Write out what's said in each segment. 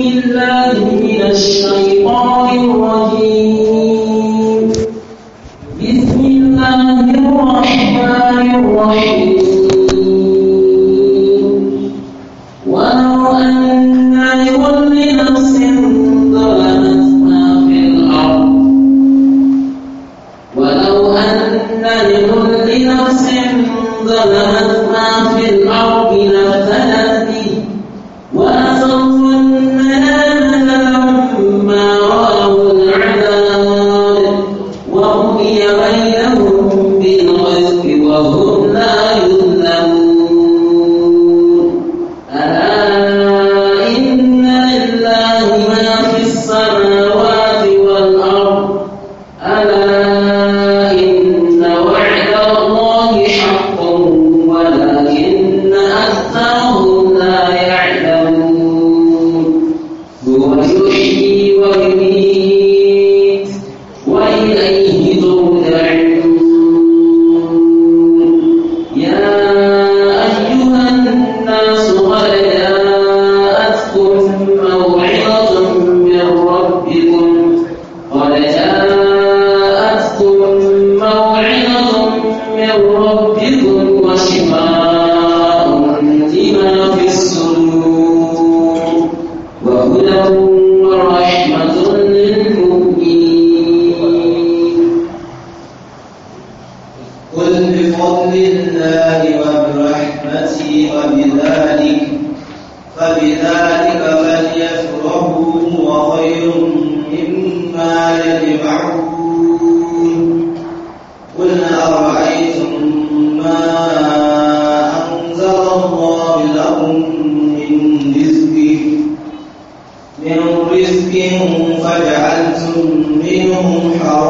الله ذلك فليفرحوا وخير مما يجمعون قل أرأيتم ما أنزل الله لكم من رزق من رزق فجعلتم منه حرام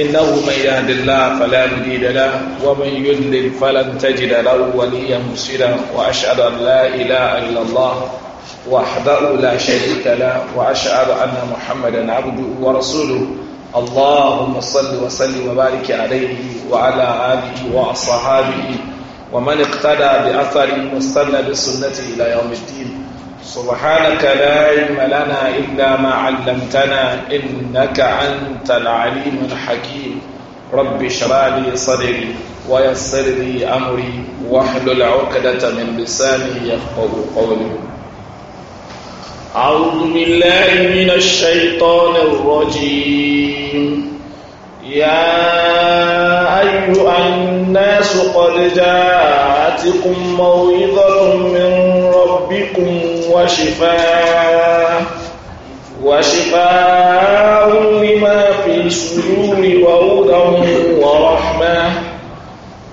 إنه من يهد الله فلا مديد له ومن يدلل فلن تجد له وليا مرشدا وأشهد أن لا إله إلا الله وحده لا شريك له وأشهد أن محمدا عبده ورسوله اللهم صل وسلم وبارك عليه وعلى آله وأصحابه ومن اقتدى بأثره واستنى بسنته إلى يوم الدين سبحانك لا علم لنا إلا ما علمتنا إنك أنت العليم الحكيم رب اشرح لي صدري ويسر لي أمري واحلل عقدة من لساني يفقه قولي أعوذ بالله من الشيطان الرجيم يا أيها الناس قد جاءتكم موعظة من ربكم وشفاء وشفاء لما في الصدور وهدى ورحمة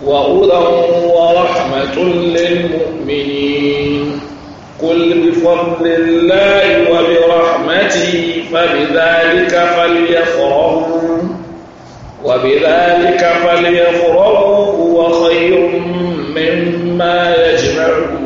وهدى ورحمة للمؤمنين قل بفضل الله وبرحمته فبذلك فليفرحوا وبذلك فليفرقوا هو خير مما يجمعون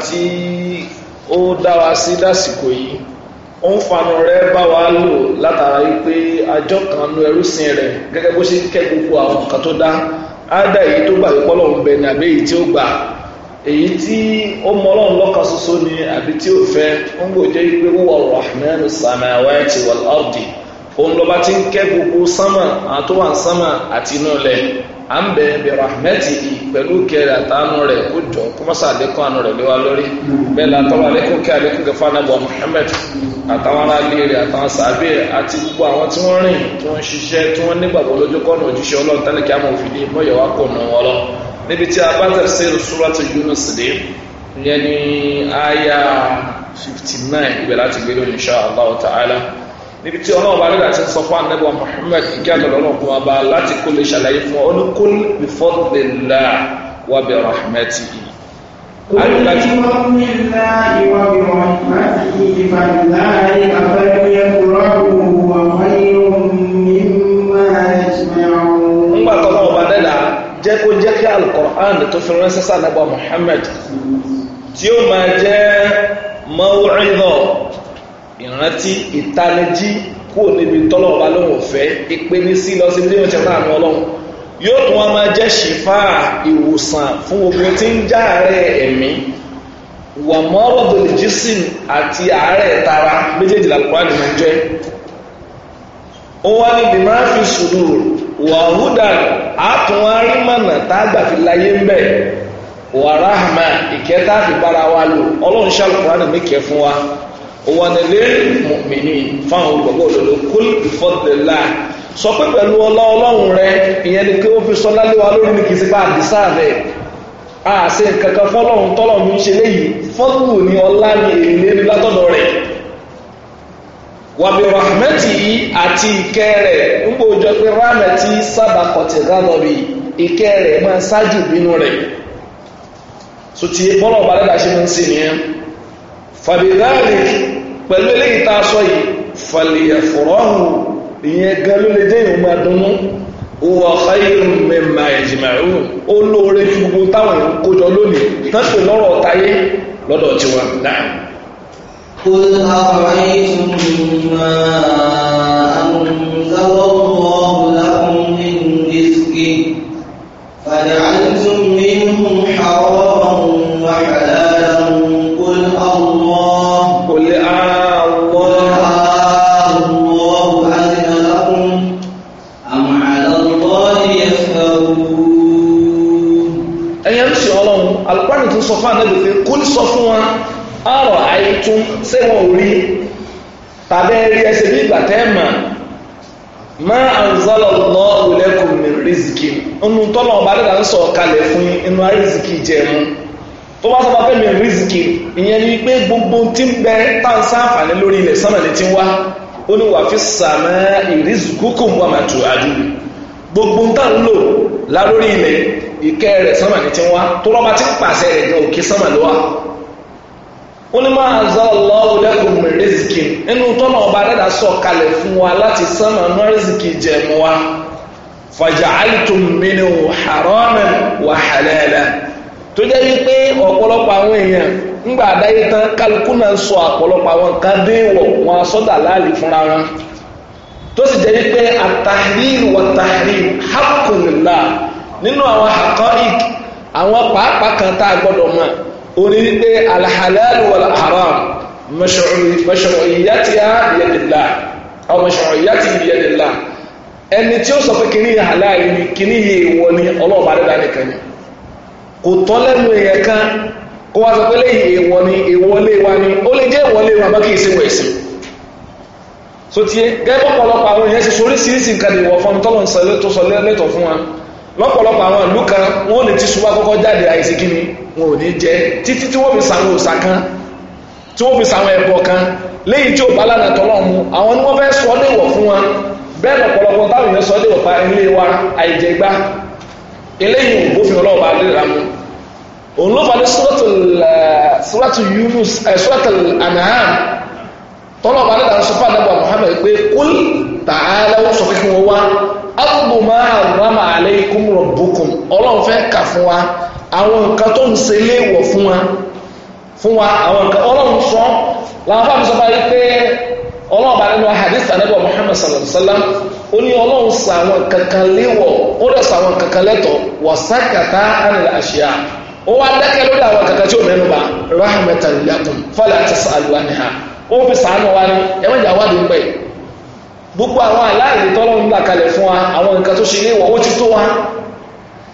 tí ó dá wa sí dásìkò yìí ó ń fanu rẹ bá wa lò látara wípé àjọ kan nu ẹrúsìn rẹ gẹ́gẹ́ bó ṣe kẹ́ gbogbo àwọn nǹkan tó dá ádá èyí tó gbà wípé ọlọ́run bẹ ni àbí èyí tí ó gbà èyí tí ó mọ ọlọ́run lọ́kan ṣoṣo ni àbí tí ó fẹ́ ń gbòjẹ́ wípé wíwọ rahman samawati wal ardi òun lọ́ba ti ń kẹ́ gbogbo sánmà àtúwà sánmà àti inú ilẹ̀ à ń bẹ bí rahmeti yìí pẹ̀lú kẹrẹ àtàánú rẹ̀ kó jọ kó mọ́sá àlékún àánú rẹ̀ léwa lórí bẹ́ẹ̀ la tọ́wọ́ àlékún kí àlékún kẹfà nàbọ̀ Muhammad àtàwọn aráàlú rẹ̀ àtàwọn sàbẹ̀ àti gbogbo àwọn tí wọ́n rìn tí wọ́n ṣiṣẹ́ tí wọ́n nígbàgbọ́ lójú kọ́nà òjíṣẹ́ ọlọ́run tẹ́lẹ̀ kí a mọ̀ òfin ní mọ́yọ̀ wá pọ̀ nà wọ́n lọ níbi tí a bá tafsir suratu Yunus dé ìyẹn ni aya 59 ibẹ̀ láti gbé lónìí insha Allah ta'ala níbi tí ọlọ́run bá nígbà tí ń sọ fún anábọ̀ Muhammad ìkí àtọ̀lọ́ náà kó wọn bá láti kó lè ṣàlàyé fún ọ ní kó bí fọ́tìlélá wà bí rahmeti yìí. Nígbà tó náà bá dẹ́dà jẹ́ kó jẹ́ kí Al-Qur'an tó fi ránṣẹ́ sí anábọ̀ Muhammad tí ó máa jẹ́ mawu'idha ìrántí ìtanijí kúrò níbi tọ́lọ̀ ọba lóhùn ọ̀fẹ́ ìpè ní sí lọ sí ilé ìwòsàn náà ní ọlọ́run yóò tún wọn máa jẹ́ ṣìfà ìwòsàn fún gbogbo tí ń já àárẹ̀ ẹ̀mí wà dòlìjísìn àti àárẹ̀ tara méjèèjì làkúrá ni máa jẹ́ ó wá níbi máa fi sùúrù wàhúdà àtúnwárí mọ̀nà tágbà fi láyé ń bẹ̀ wàràhàmà ìkẹ́tà fi bára wa lò ọlọ́run ṣàlùkùrá nìmíkẹ́ fún wa òwòdìlẹ̀ mọ̀mìnì fáwọn olùgbàgbọ́ òdodo kúl ìfọ́dìlá sọ pé pẹ̀lú ọlá ọlọ́run rẹ ìyẹn ni pé ó fi sọlá léwa lórí ní kìí sípa àdìsá rẹ a ṣe kankan fọlọ́run tọ́lọ́run ṣe léyìí fọ́dù ni ọlá ni èlé ní látọ̀dọ̀ rẹ̀ wàbí rahmeti yìí àti ìkẹ́ rẹ̀ ń gbòòjọ pé rahmeti sábà kọ̀tì ránọ̀bì ìkẹ́ rẹ̀ máa fàbíláàlì pẹ̀lú eléyìí tá a sọ yìí fàlìyà fọ̀rọ̀hùn ìyẹn gan ló lè jẹ́ ìhun máa dunnú owó ọ̀háyìrún mẹ́ma ẹ̀jìmáìrún ó gbogbo táwọn èèyàn kójọ lónìí tán lọ́rọ̀ ọ̀tayé lọ́dọ̀ tiwa náà. kó àwọn ayé tuntun máa àwọn ọmọ ọmọ ọmọ lákùnrin ní ìsìnkú fàdé àìsùn ẹ̀yẹ ń sìn ọlọ́run alukwani tún sọ fún anábì pé kó ní sọ fún wa àrọ̀ àìtún ṣé wọn ò rí tàbí ẹ ẹsẹ̀ bí ìgbà tẹ́ mà má anzala Allahu lakum tọ́lọ̀ ọba dídà ń sọ kalẹ̀ fún inú tó bá sọ mi rizqi ìyẹn ni pé gbogbo tí ń bẹ táwọn sáǹfààní lórí ilẹ̀ sánà ti wá ó ní wà fi sàmà gbogbo ń tà ń ìkẹ́ rẹ̀ sánmà ní ti wá tó na tí ń pàṣẹ rẹ̀ ní òkè sánmà ló wà ó ní máa zọ ọba dẹ́dà sọ kalẹ̀ fún wa láti sánmà mẹ́rẹ́sìkì jẹ̀mú wa fàjà àìtùm mínú haraman wà halalan tó jẹ́ wípé ọ̀pọ̀lọpọ̀ àwọn èèyàn ńgbà àdáyé tán kálukú náà sọ ọ̀pọ̀lọpọ̀ àwọn nǹkan wọn asọ́dà láàlì fúnra wọn tó sì jẹ́ wípé àtàrí nínú àwọn àkọ́ìk àwọn pàápàá kan tá a gbọ́dọ̀ mọ̀ orí wípé alhalalu wal haram mashru'iyatiha biyadillah aw mashru'iyatihi biyadillah ẹni tí ó sọ pé kìíní yìí halal ni kìíní yìí wọ ni ọlọ́ọ̀bá dáadáa nìkan ni kò tọ́ lẹ́nu èèyàn kan kó wá sọ pé lẹ́yìn èèwọ̀ ni èèwọlé wa ni ó lè jẹ́ ìwọlé wa bá kìí ẹ̀sìn so tiẹ̀ àwọn èèyàn ṣe soríṣiríṣi nǹkan ìwọ̀ fún ọmọ tọ́lọ̀ tó sọ lẹ́tọ̀ fún wa lọ́pọ̀lọpọ̀ àwọn ìlú kan wọ́n ní tíṣu wá kọ́kọ́ jáde àìsí kí ni wọn ò ní jẹ títí tí wọ́n fi sàwọn òòsà kan tí wọ́n fi sàwọn ẹ̀bọ kan léyìí tí ò bá lánàá tọ́lọ́ mu àwọn ni wọ́n fẹ́ sọ léwọ̀ fún wọn bẹ́ẹ̀ lọ́pọ̀lọpọ̀ táwọn èèyàn sọ léwọ̀ pa ilé wa àìjẹgbá eléyìí òbófin ọlọ́ọ̀bá léra mu òun ló falẹ̀ sọ́lọ́tù Yunus eh, sọ́lọ́tù Muhammad pé kúl tààlà ó agbó máa àrùnmáàmà alaykum rabbukum ọlọ́run fẹ́ kà fún wa àwọn nǹkan tó ń ṣe léèwọ̀ fún wa fún wa àwọn nǹkan ọlọ́run sọ làwọn fáwọn sọ báyìí pé ọlọ́run bá nínú hadith anabi muhammad sallallahu alayhi wa sallam ó ní ọlọ́run sọ àwọn nǹkan kan léèwọ̀ ó dẹ̀ sọ àwọn nǹkan kan lẹ́tọ̀ wa sakata anil ashya ó wá dákẹ́ lórí àwọn nǹkan kan tí ò mẹ́nu bá rahmatan lakum fala tasalu anha ó fi sàánù wa ni ẹ gbogbo àwọn aláìní tọ́lọ́run gbà kalẹ̀ fún wa àwọn nǹkan tó ṣe ó ti tó wa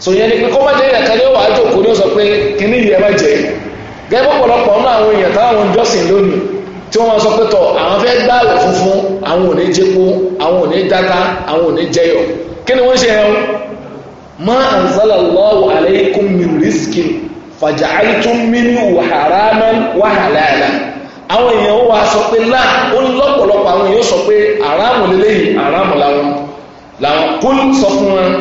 so yẹn ni pé kó má jẹ́ ìyàkà ní òwà àjòkó ní ó sọ pé kíní yìí ẹ má gẹ́gẹ́ pọ̀pọ̀lọpọ̀ àwọn èèyàn táwọn lónìí tí wọ́n sọ pé tọ̀ àwọn fẹ́ gbá funfun àwọn ò ní jẹ́pó àwọn ò ní dáta àwọn ò ní jẹyọ kí ni wọ́n ṣe ma anzalallahu alaykum min àwọn èèyàn ó wá sọ pé láà ó lọ́pọ̀lọpọ̀ àwọn èèyàn sọ pé àràmù lélẹ́yìn àràmù làwọn làwọn kó ń sọ fún wọn.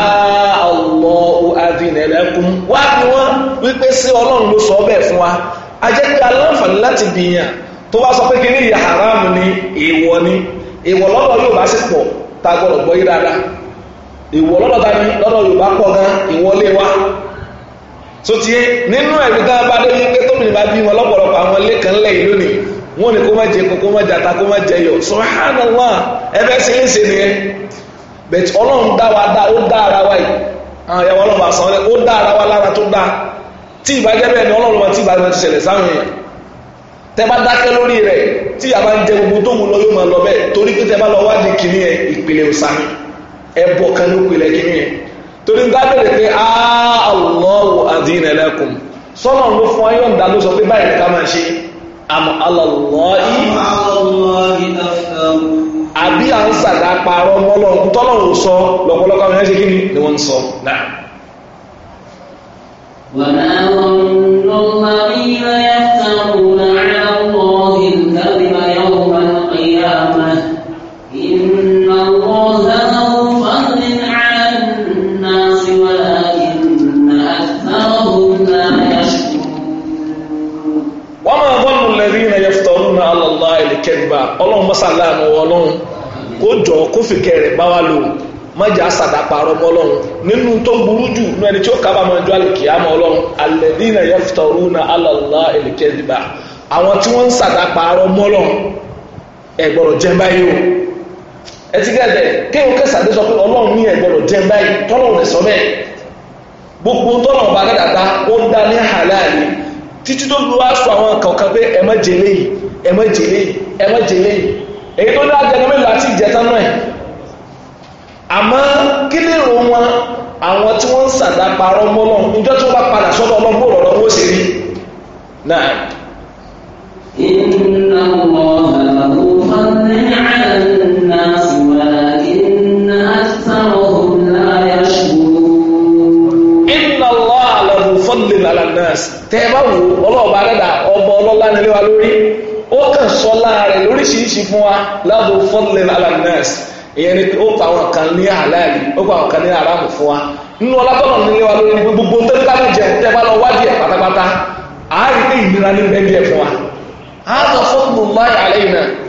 Allahu adina lakum wá bí wọ́n wípé sí ọlọ́run ló sọ bẹ́ẹ̀ fún wa a jẹ́ pé aláǹfààní láti bìyàn tó bá sọ pé kí ní àràmù ni èèwọ̀ ni èèwọ̀ lọ́dọ̀ yóò bá sì pọ̀ tá a gbọ́dọ̀ gbọ́ yí dáadáa èèwọ̀ lọ́dọ̀ ta ni lọ́dọ̀ Yorùbá pọ̀ gan ìwọlé wa so tiẹ nínú ẹ̀rí tá a bá dé kékeré tó mìíràn bá bí wọn lọ́pọ̀lọpọ̀ àwọn ilé kan lẹ́yìn lónìí wọn ni kó má jẹ kó má jata kó má jẹ yọ subhanallah ẹbẹ ṣe ń ṣe nìyẹn bẹ̀tì ọlọ́run dá wa dá ó dá ara wa yìí àwọn ìyàwó ọlọ́run àṣà wọn ó dá ara wa lára tó dá tí ìbàjẹ́ bẹ́ẹ̀ ni ọlọ́run wọn tí ìbàjẹ́ ti ṣẹlẹ̀ sáwọn èèyàn tẹ bá dákẹ́ lórí rẹ̀ tí ìyá bá ń jẹ gbogbo tó wù lọ yóò máa lọ bẹ́ẹ̀ torí pé tẹ bá lọ wádìí kìnìyẹn ìpìlẹ̀ òsàn ẹ̀bọ̀ kan ló pìlẹ̀ kìnìyẹn torí ń dábẹ̀rẹ̀ pé Allahu adina lakum sọ́nà ló fún ayọ́ ń dá ló sọ pé báyìí ká máa ṣe àmọ́ alàlọ́ọ̀ì àbí à ń sàdá parọ́ mọ́lọ́run tọ́lọ́run sọ lọ́pọ̀lọpọ̀ àwọn ẹ̀ṣẹ́ kíni ni wọ́n ń sọ náà. wàhálà ọ̀rọ̀ ló máa ń yọ ọlọ́run mọ́sá láàánú ọlọ́run kó jọ kó fìkẹ́ rẹ̀ bá wa lò mọ́jà sàdápa ọmọ ọlọ́run nínú tó burú jù ní ẹni tí ó kábà máa jọ àlìkìyàmọ ọlọ́run alẹ́dínà yaftaruna ala Allah al-kadhiba àwọn tí wọ́n ń sàdápa ọmọ ọlọ́run ẹ gbọ́dọ̀ jẹ́ báyìí o ẹ ti gẹ́gẹ́ kéwọn kẹsàdé sọ pé ọlọ́run ní ẹ gbọ́dọ̀ jẹ́ báyìí tọ́lọ́run rẹ̀ sọ bẹ́ẹ̀ gbogbo tọ́lọ́run bá dàdá ó ń dá ní halali títí tó lu aṣọ àwọn kọ̀ọ̀kan pé ẹ má jẹ léyìí ẹ má jẹ léyìí ẹ má jẹ léyìí èyí tó dáa jẹnu mélòó àti ìjẹta náà ẹ̀ àmọ́ kí lè rò wọn àwọn tí wọ́n ń sàdá parọ́ mọ́lọ́ níjọ́ tí wọ́n bá padà sọ́dọ̀ ọlọ́mú ọ̀rọ̀ lọ́wọ́ ṣe rí náà. inna Allaha ló fọ́n ní àná. lánàá wa lórí ó kàn sọ láàrẹ̀ lóríṣiríṣi fún wa láàbò fọ́nlẹ̀ alanẹ́ẹ̀sì ìyẹn ni ó pa àwọn kan ní àlàyé ó pa àwọn kan ní fún wa nínú nílé wa ní ní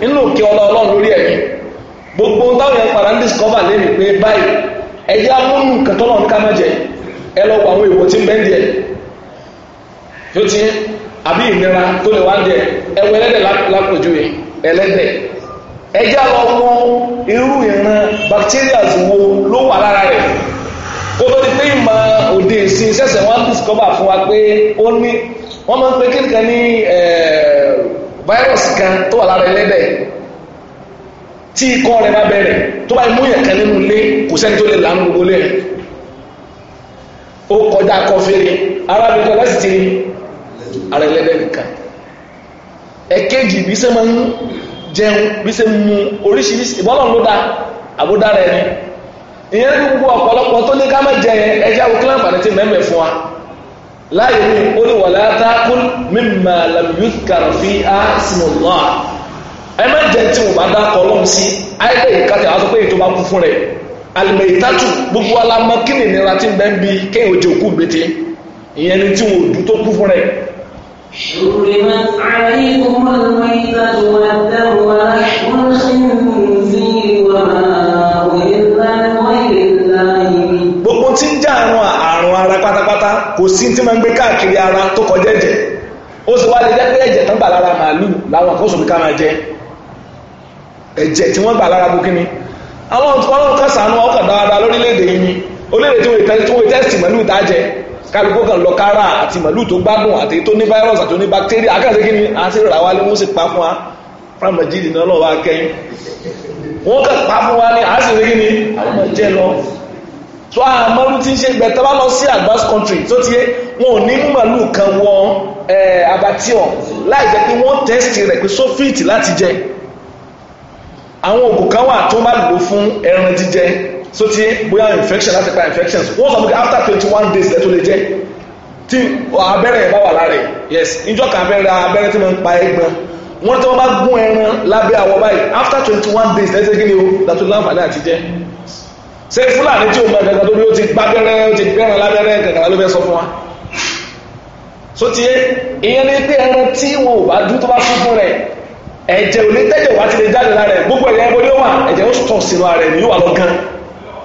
wa lórí gbogbo táwọn yẹn padà àbí ìnira tó lè wá jẹ ẹwọ ẹlẹ́dẹ̀ lápòjúwe ẹlẹ́dẹ̀ ẹjá lọ mọ irú ìran bacterias wo ló wà lára rẹ̀ kó tó di pé ìmọ̀ òde ìsìn ṣẹ̀ṣẹ̀ wọ́n discover fún wa pé ó ní wọ́n máa ń pe kíkà ní virus kan tó wà lára ẹlẹ́dẹ̀ tí ikọ́ rẹ̀ bá bẹ̀rẹ̀ tó bá mú yẹ̀kan nínú ilé kò sẹ́ni tó lè lànà gbogbo lẹ́yìn ó kọjá kọfí arábìnrin kan láti ti ara ẹlẹ́dẹ̀ nìkan ẹ̀kejì bí ṣe máa ń jẹun bí ṣe mu oríṣiríṣi ìbọ́lọ̀ ló dá àbúdá rẹ ni ìyẹn gbogbo ọ̀pọ̀lọpọ̀ tó ní ká má jẹ yẹn ẹja wo kílánpà ní ti mẹ́mẹ́ fún wa láyé mi ó ní wàlá tákùn mímà làmúyúth kàràfí ìtàtù gbogbo alamọ kí nìyẹn ti ń bẹ́ẹ̀ bí kéèyàn ojú òkú gbèdé ìyẹn ni tí wọn ò dú tó kú fún rẹ حرمت عليكم الميتة والدم gbogbo tí ń àrùn àrùn ara pátápátá kò sí ara tó kọjá ẹ̀jẹ̀ ó sì wá lè jẹ́ pé ẹ̀jẹ̀ gbà lára láwọn àkóso mi ká máa jẹ ẹ̀jẹ̀ tí wọ́n gbà lára bukini àwọn ọlọ́run kan ọkọ̀ dáadáa lórílẹ̀‐èdè yìí ni tí wọ́n mọ́lù kálukú kan lọ kára àti màlúù tó gbádùn àti tó ní virus àti tó ní bacteria akáṣe kí ni àti rà wá lé wọ́n sì pa fún wa fáwọn jíìdì náà lọ́wọ́ akẹ́yìn wọ́n kà pa fún wa ní àti rẹ̀ kí ni àwọn ọmọ jẹ́ lọ tó a màlúù tí ń ṣe gbẹ tó bá lọ sí advanced country tó ti yé wọn ò ní màlúù kan wọ abatiọ láì jẹ́ pé wọ́n test rẹ̀ pé sófìtì láti jẹ àwọn òògùn kan wà tó bá lò fún ẹran jíjẹ so ti bóyá infection láti pa infections wọ́n sọ pé after twenty one days lẹ́tọ́ lè jẹ́ tí abẹ́rẹ́ yẹn bá wà lára yes ìjọ kan abẹ́rẹ́ abẹ́rẹ́ tí mo ń pa ẹ̀gbọ́n wọ́n tí wọ́n bá gún ẹran lábẹ́ àwọ̀ báyìí after twenty one days lẹ́tọ́ kí ni o látọ́ láǹfààní àti jẹ́ ṣé fúlàní tí o mọ gàgà lórí o ti gbábẹ́rẹ́ o ti gbẹ́ràn lábẹ́rẹ́ gàgà ló fẹ́ sọ fún wa so ti yé ìyẹn ni pé ẹran tí wọn ò bá dún tó bá fún fún rẹ̀ ẹ̀jẹ̀ ò ní tẹ́jẹ̀ wá ti lè jáde lára rẹ̀ gbogbo ẹ̀yà ẹbọ ni ó wà ẹ̀jẹ̀ ó tọ̀ sínú ara rẹ̀ ni yóò wà lọ gan-an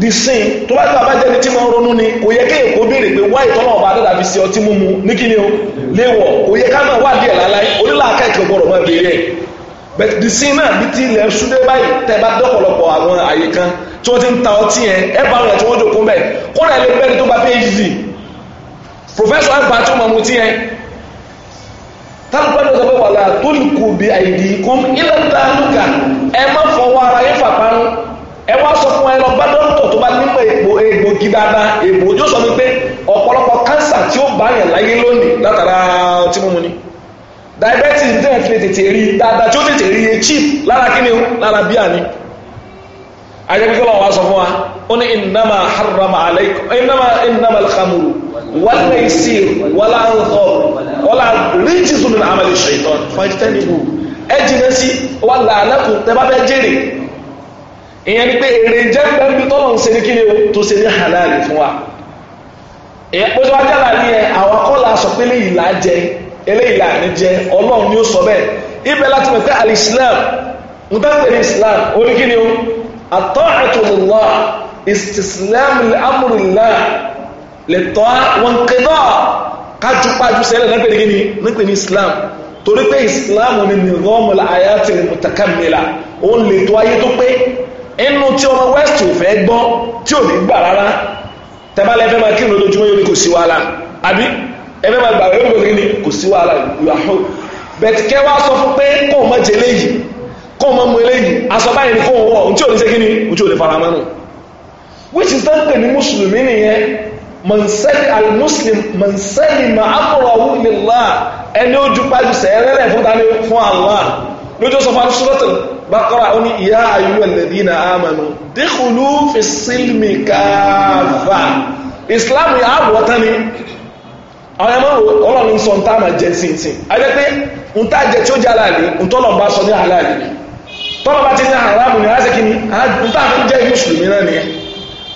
the sin tó bá tẹ́lá bá ní tí máa ń ronú ni kò yẹ kéèyàn kó béèrè pé wáyé tọ́lọ́ ọba adẹ́dà fi ṣe ọtí mímu ní kí ni o léwọ̀ kò yẹ ká máa wádìí ẹ̀ láláì onílà akẹ́kọ̀ọ́ gbọ́dọ̀ máa béèrè ẹ̀ but the sin náà bí ti ilẹ̀ ṣúdé báyìí tẹ́ bá dọ́pọ̀lọpọ̀ àwọn àyè kan tí wọ́n ti ń ta ọtí yẹn ẹ bá wọn ẹ̀ tí wọ́n jòkó bẹ́ẹ̀ kó náà lè bẹ́ẹ̀ ni tó professor àgbà tó mọ̀ mu ti yẹn tábùpẹ́ lọ́sọ̀ pé wàhálà tó lè kù bí àìdí kún ilẹ̀ ta lùkà ẹ má fọwọ́ ara yín fàparun ẹ wá sọ fún ẹ lọ bá dọ́tọ̀ tó bá nímọ̀ ègbò egbògi dáadáa ègbò yóò sọ mi pé ọ̀pọ̀lọpọ̀ kánsà tí ó bá yàn láyé lónìí látara ọtí mímu ni diabetes dẹ́n fi lè tètè rí dáadáa tí ó tètè rí e cheap lára kíni o lára bíà ni ayẹ́pẹ́kẹ́ lọ́wọ́ wá sọ fún wa ó ní ìnáma harama aleikum ìnáma ìnáma alhamuru wàlá ìsir wàlá ọ̀tọ̀ wàlá ríjìsùn ní amali ṣètọ́ fàjítẹ́nìbù ẹ jìnnà sí wàlá alákùn tẹ́ bá bẹ́ jèrè ìyẹn ni pé èrè jẹ́ pẹ̀lú tọ́lọ̀ ń ṣe ní kíni o tó ṣe ní halal fún wa ìyẹn pé tó wá jàlá ní ẹ àwọn akọ́là sọ pé eléyìí là á jẹ eléyìí là ní jẹ ọlọ́run ni ó sọ bẹ́ẹ̀ ibẹ̀ láti mọ̀ pé al-Islam Islam ó ní kíni o at-ta'atullah istislam al lè tọ́ wọn kédọ́ kájúpájú sẹ́lẹ̀ náà ní kíni ní Islam torí pé Islam ni nìgọ́mù àyàtì mùtàkàmìlà òun lè tó ayé tó pé inú tí ọmọ west ò fẹ́ gbọ́ tí ò ní gbà rárá tẹ́bálẹ̀ ẹfẹ́ máa kírun lójúmọ́ yóò ní kò sí wàhálà àbí ẹfẹ́ máa gbà rẹ̀ yóò ní kò sí wàhálà yòó bẹ̀tì kẹ́ sọ fún pé kó o má jẹ eléyìí kó o má mu eléyìí aṣọ báyìí ni kó o tí ò ní ṣe kí ni ohun ò ní fara mọ́ which is dán pè mùsùlùmí nìyẹn mọ̀nsẹ́lì alimuslim mọ̀nsẹ́lì ma'amurawu nílá ẹni bákọ́rà ó ní ìyá ayúwà lẹ́dínà àmànù díkùlú fi sílmì káàfà islam yà áwọ̀ tán ni àwọn ẹmọ́ ọlọ́run sọ ń tààmà jẹ tìntìn ajẹ́ pé ń tà jẹ tí ó jẹ́ aláàlì ń tọ́lọ̀ bá sọ ní aláàlì tọ́lọ̀ bá ti ní àrámù ní aláṣẹ kìíní ń tà fún jẹ́ mùsùlùmí náà nìyẹn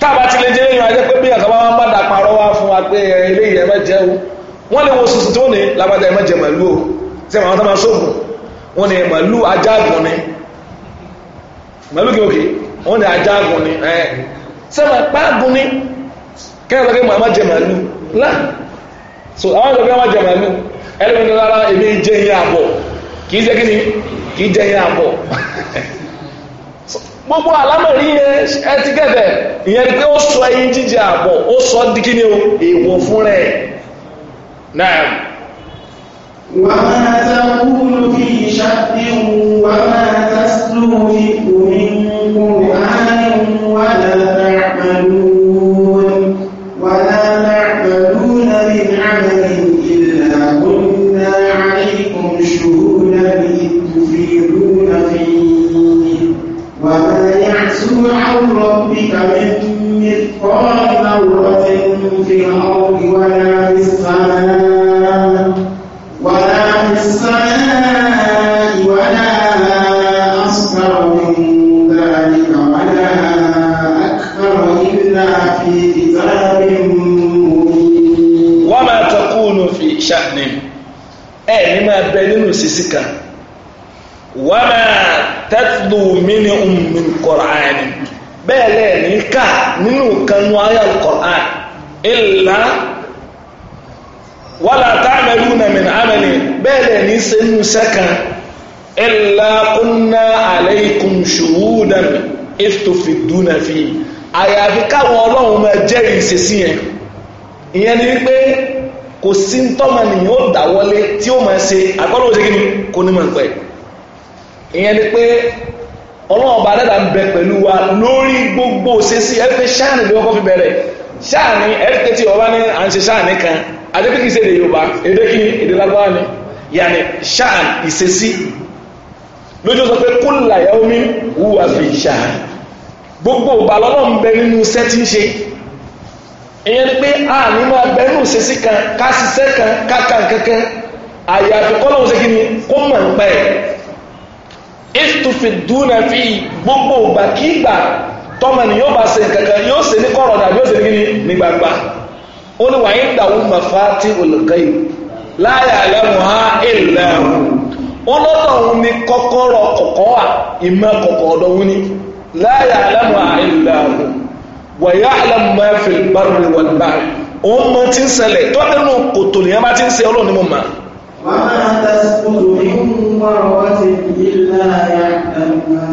tá a ti lè jẹ́ èèyàn ajẹ́ pé bí àkàbá wọn bá dàpọ̀ àrọ́ wá fún wa pé eléyìí ẹ má jẹ́ o wọ́n lè wo sùsù tó ní lábàdà ẹ màlúù o tí àwọn tó máa sóògùn wọn ni màlúù ajáàgùn ni mẹ́lúkì òkè wọ́n ni ajágun ni ẹ̀ sẹ́mà páàgùn ni kẹ́rọ lọ́kẹ́ màmá jẹ màálù lá so àwọn ìlọ́kẹ́ màmá jẹ màálù ẹlẹ́mìn ní rárá èmi jẹ ìyá àbọ̀ kì í jẹ́ kí ni kì í jẹ ìyá àbọ̀ gbogbo àlámọ̀rí yẹn ẹ ti kẹ́bẹ̀ ìyẹn pé ó sọ ẹyin jíjẹ àbọ̀ ó sọ di kí ni o èèwọ̀ fún rẹ̀ náà وما تقول في شأن وما تسلو في قلوب com ò sí síkà wàá máa tẹ́tù mí ní omi kọ̀ọ̀ánì bẹ́ẹ̀ lẹ́ẹ̀ ní ká nínú kanú ayé kọ̀ọ̀ánì ìlà wàlá táàmẹ́lú nàmìn àmẹ́lì bẹ́ẹ̀ lẹ́ẹ̀ ní sẹ́nu sẹ́kàn ìlà kúnná àlẹ́kùn ṣùwúdàn ìfòfìdúnàfì àyàfi káwọn ọlọ́run máa jẹ́rìí ìṣesí yẹn ìyẹn ni wípé kò sí tọ́mọ nìyẹn ó dáwọ́lé tí ó máa ṣe àgbọ́dọ̀ ó ṣe kíni kò ní mọ̀ pẹ́ ìyẹn ni pé ọlọ́run ọba dẹ́dà ń bẹ pẹ̀lú wa lórí gbogbo ṣe sí ẹ pé ṣáàni ló kọ́ fi bẹ̀rẹ̀ ṣáàni ẹ pé tí ọba ní à ń ṣe ṣáàni kan àti kì í ṣe èdè Yorùbá èdè kí ni èdè lágbára ni yàní ṣáàni ìṣesí lójú sọ pé kúlà yà omi wúwa fi ṣáàni gbogbo ìgbà lọ́lọ́run bẹ nínú iṣẹ́ tí ń ṣe ìyẹn ni pé àmì máa bẹnu ṣèṣì kan ká ṣiṣẹ́ kan káka kankan àyàfi kọ́ lóun ṣe kí ni kó mọ̀ ń pẹ́ ìtùfì dúnà fi gbogbo ìgbà kí ìgbà tọ́mọ ni yóò bá ṣe kankan yóò ṣe ní kọ̀rọ̀ dàbí yóò ṣe ní kí ni ní gbangba ó ní wàá ń dàwọ́ tí olùkọ́ yìí láyà lẹ́mu ha èlẹ́ ọ̀hún ó lọ́dọ̀ òun ni kọ́kọ́rọ̀ kọ̀kọ́ wà ìmọ̀ kọ̀kọ́ ọ̀dọ̀ òun ni láyà lẹ́mu ha èlẹ́ ọ̀hún wàyà àlàmáfẹ́ bàrẹ̀ wà báyìí òun mọ ti ń ṣẹlẹ̀ tó nínú kòtò nìyẹn bá ti ń ṣe ọlọ́run ni mo mà. wàá máa tẹ̀síkùtù min waraqatin illa ya'lamuha.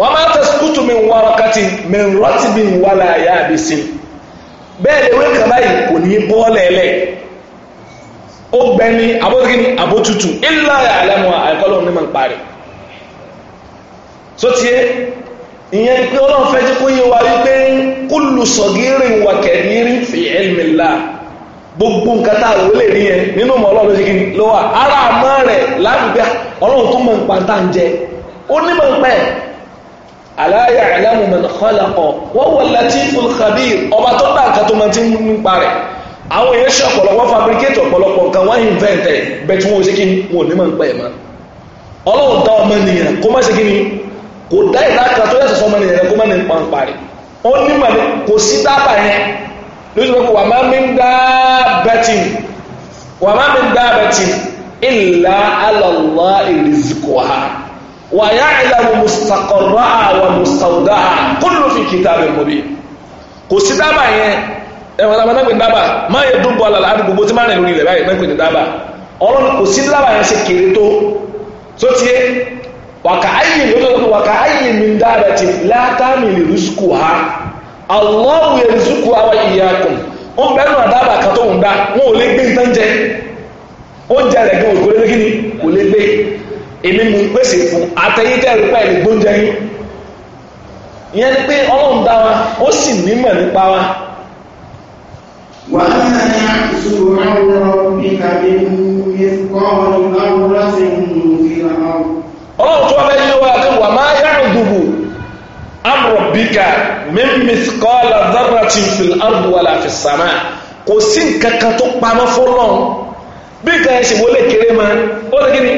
wàá máa tẹ̀síkùtù min waraqatin min ratbin wala yabisin bẹ́ẹ̀ lewé kò ní bọ́ọ̀lẹ̀ lẹ̀ ó gbẹni abótíkíní abótútù illa ya'lamuha àìkọ́lọ́run ni mà ń parí. sotie ìyẹn ni pé ọlọ́run fẹ́ jí kó yé wa wípé kúlù sọ̀gírì wà kẹ̀dírí fi ẹ̀lmìlá gbogbo nǹkan tá a wò lè rí yẹn nínú ọmọ ọlọ́run ṣe kí ló wà ara àmọ́ rẹ̀ lábìbẹ́ ọlọ́run tó mọ̀ nípa tá à ń jẹ ó nímọ̀ nípa ẹ̀ aláyà àlámù mọ̀ nìkanlẹ̀kọ̀ wọ́n wọ latiful khabir ọba tó dá nǹkan tó mọ̀ tí ń nípa rẹ̀ àwọn èèyàn ṣe ọ̀pọ̀lọpọ̀ fabricate ọ̀pọ̀lọpọ̀ nǹkan wọ́n invent ẹ̀ bẹ́ẹ̀ tí wọ́n ṣe kí wọ́n ò nímọ̀ nípa ẹ̀ mọ́ ọlọ́run dá ọmọ nìyẹn kó má ṣe kí ni kò dá ìdá kan tó ma sọmọ ènìyàn kó mẹ́rin pa ma parí ó nímọ̀ ní kò sí dábàá yẹn pé mi ń dá bẹ́tì mi ń dá bẹ́tì ha wà ìlànà mùsàkọ̀rọ̀ àwọn mùsàkọ̀dá kó ló fi kìí dábàá mọ́ kò sí dábàá yẹn ẹ̀wọ̀n làwọn náà dábàá yẹ àlàlà Waka lọ́dọ̀dọ̀ wàkàáyìn min dáadàtì látàmìlì ha Allahu yẹ rúsùkù àwọn awa ó bẹ̀rù àdábà kan tó ń dá wọn ò lè gbé nǹkan jẹ oúnjẹ rẹ̀ gan òkú lé kíni kò lè gbé èmi mú pèsè fún àtẹyìn tẹ́rù gbóúnjẹ yín pé dá wa ó sì nípa wa. rabbika min mithqala dharratin fil ardi wala fis samaa kò sí nǹkan kan tó pamọ́ fọ́lọ́run bí nǹkan ẹ̀ ṣe wọlé kéré ma ó lè kíni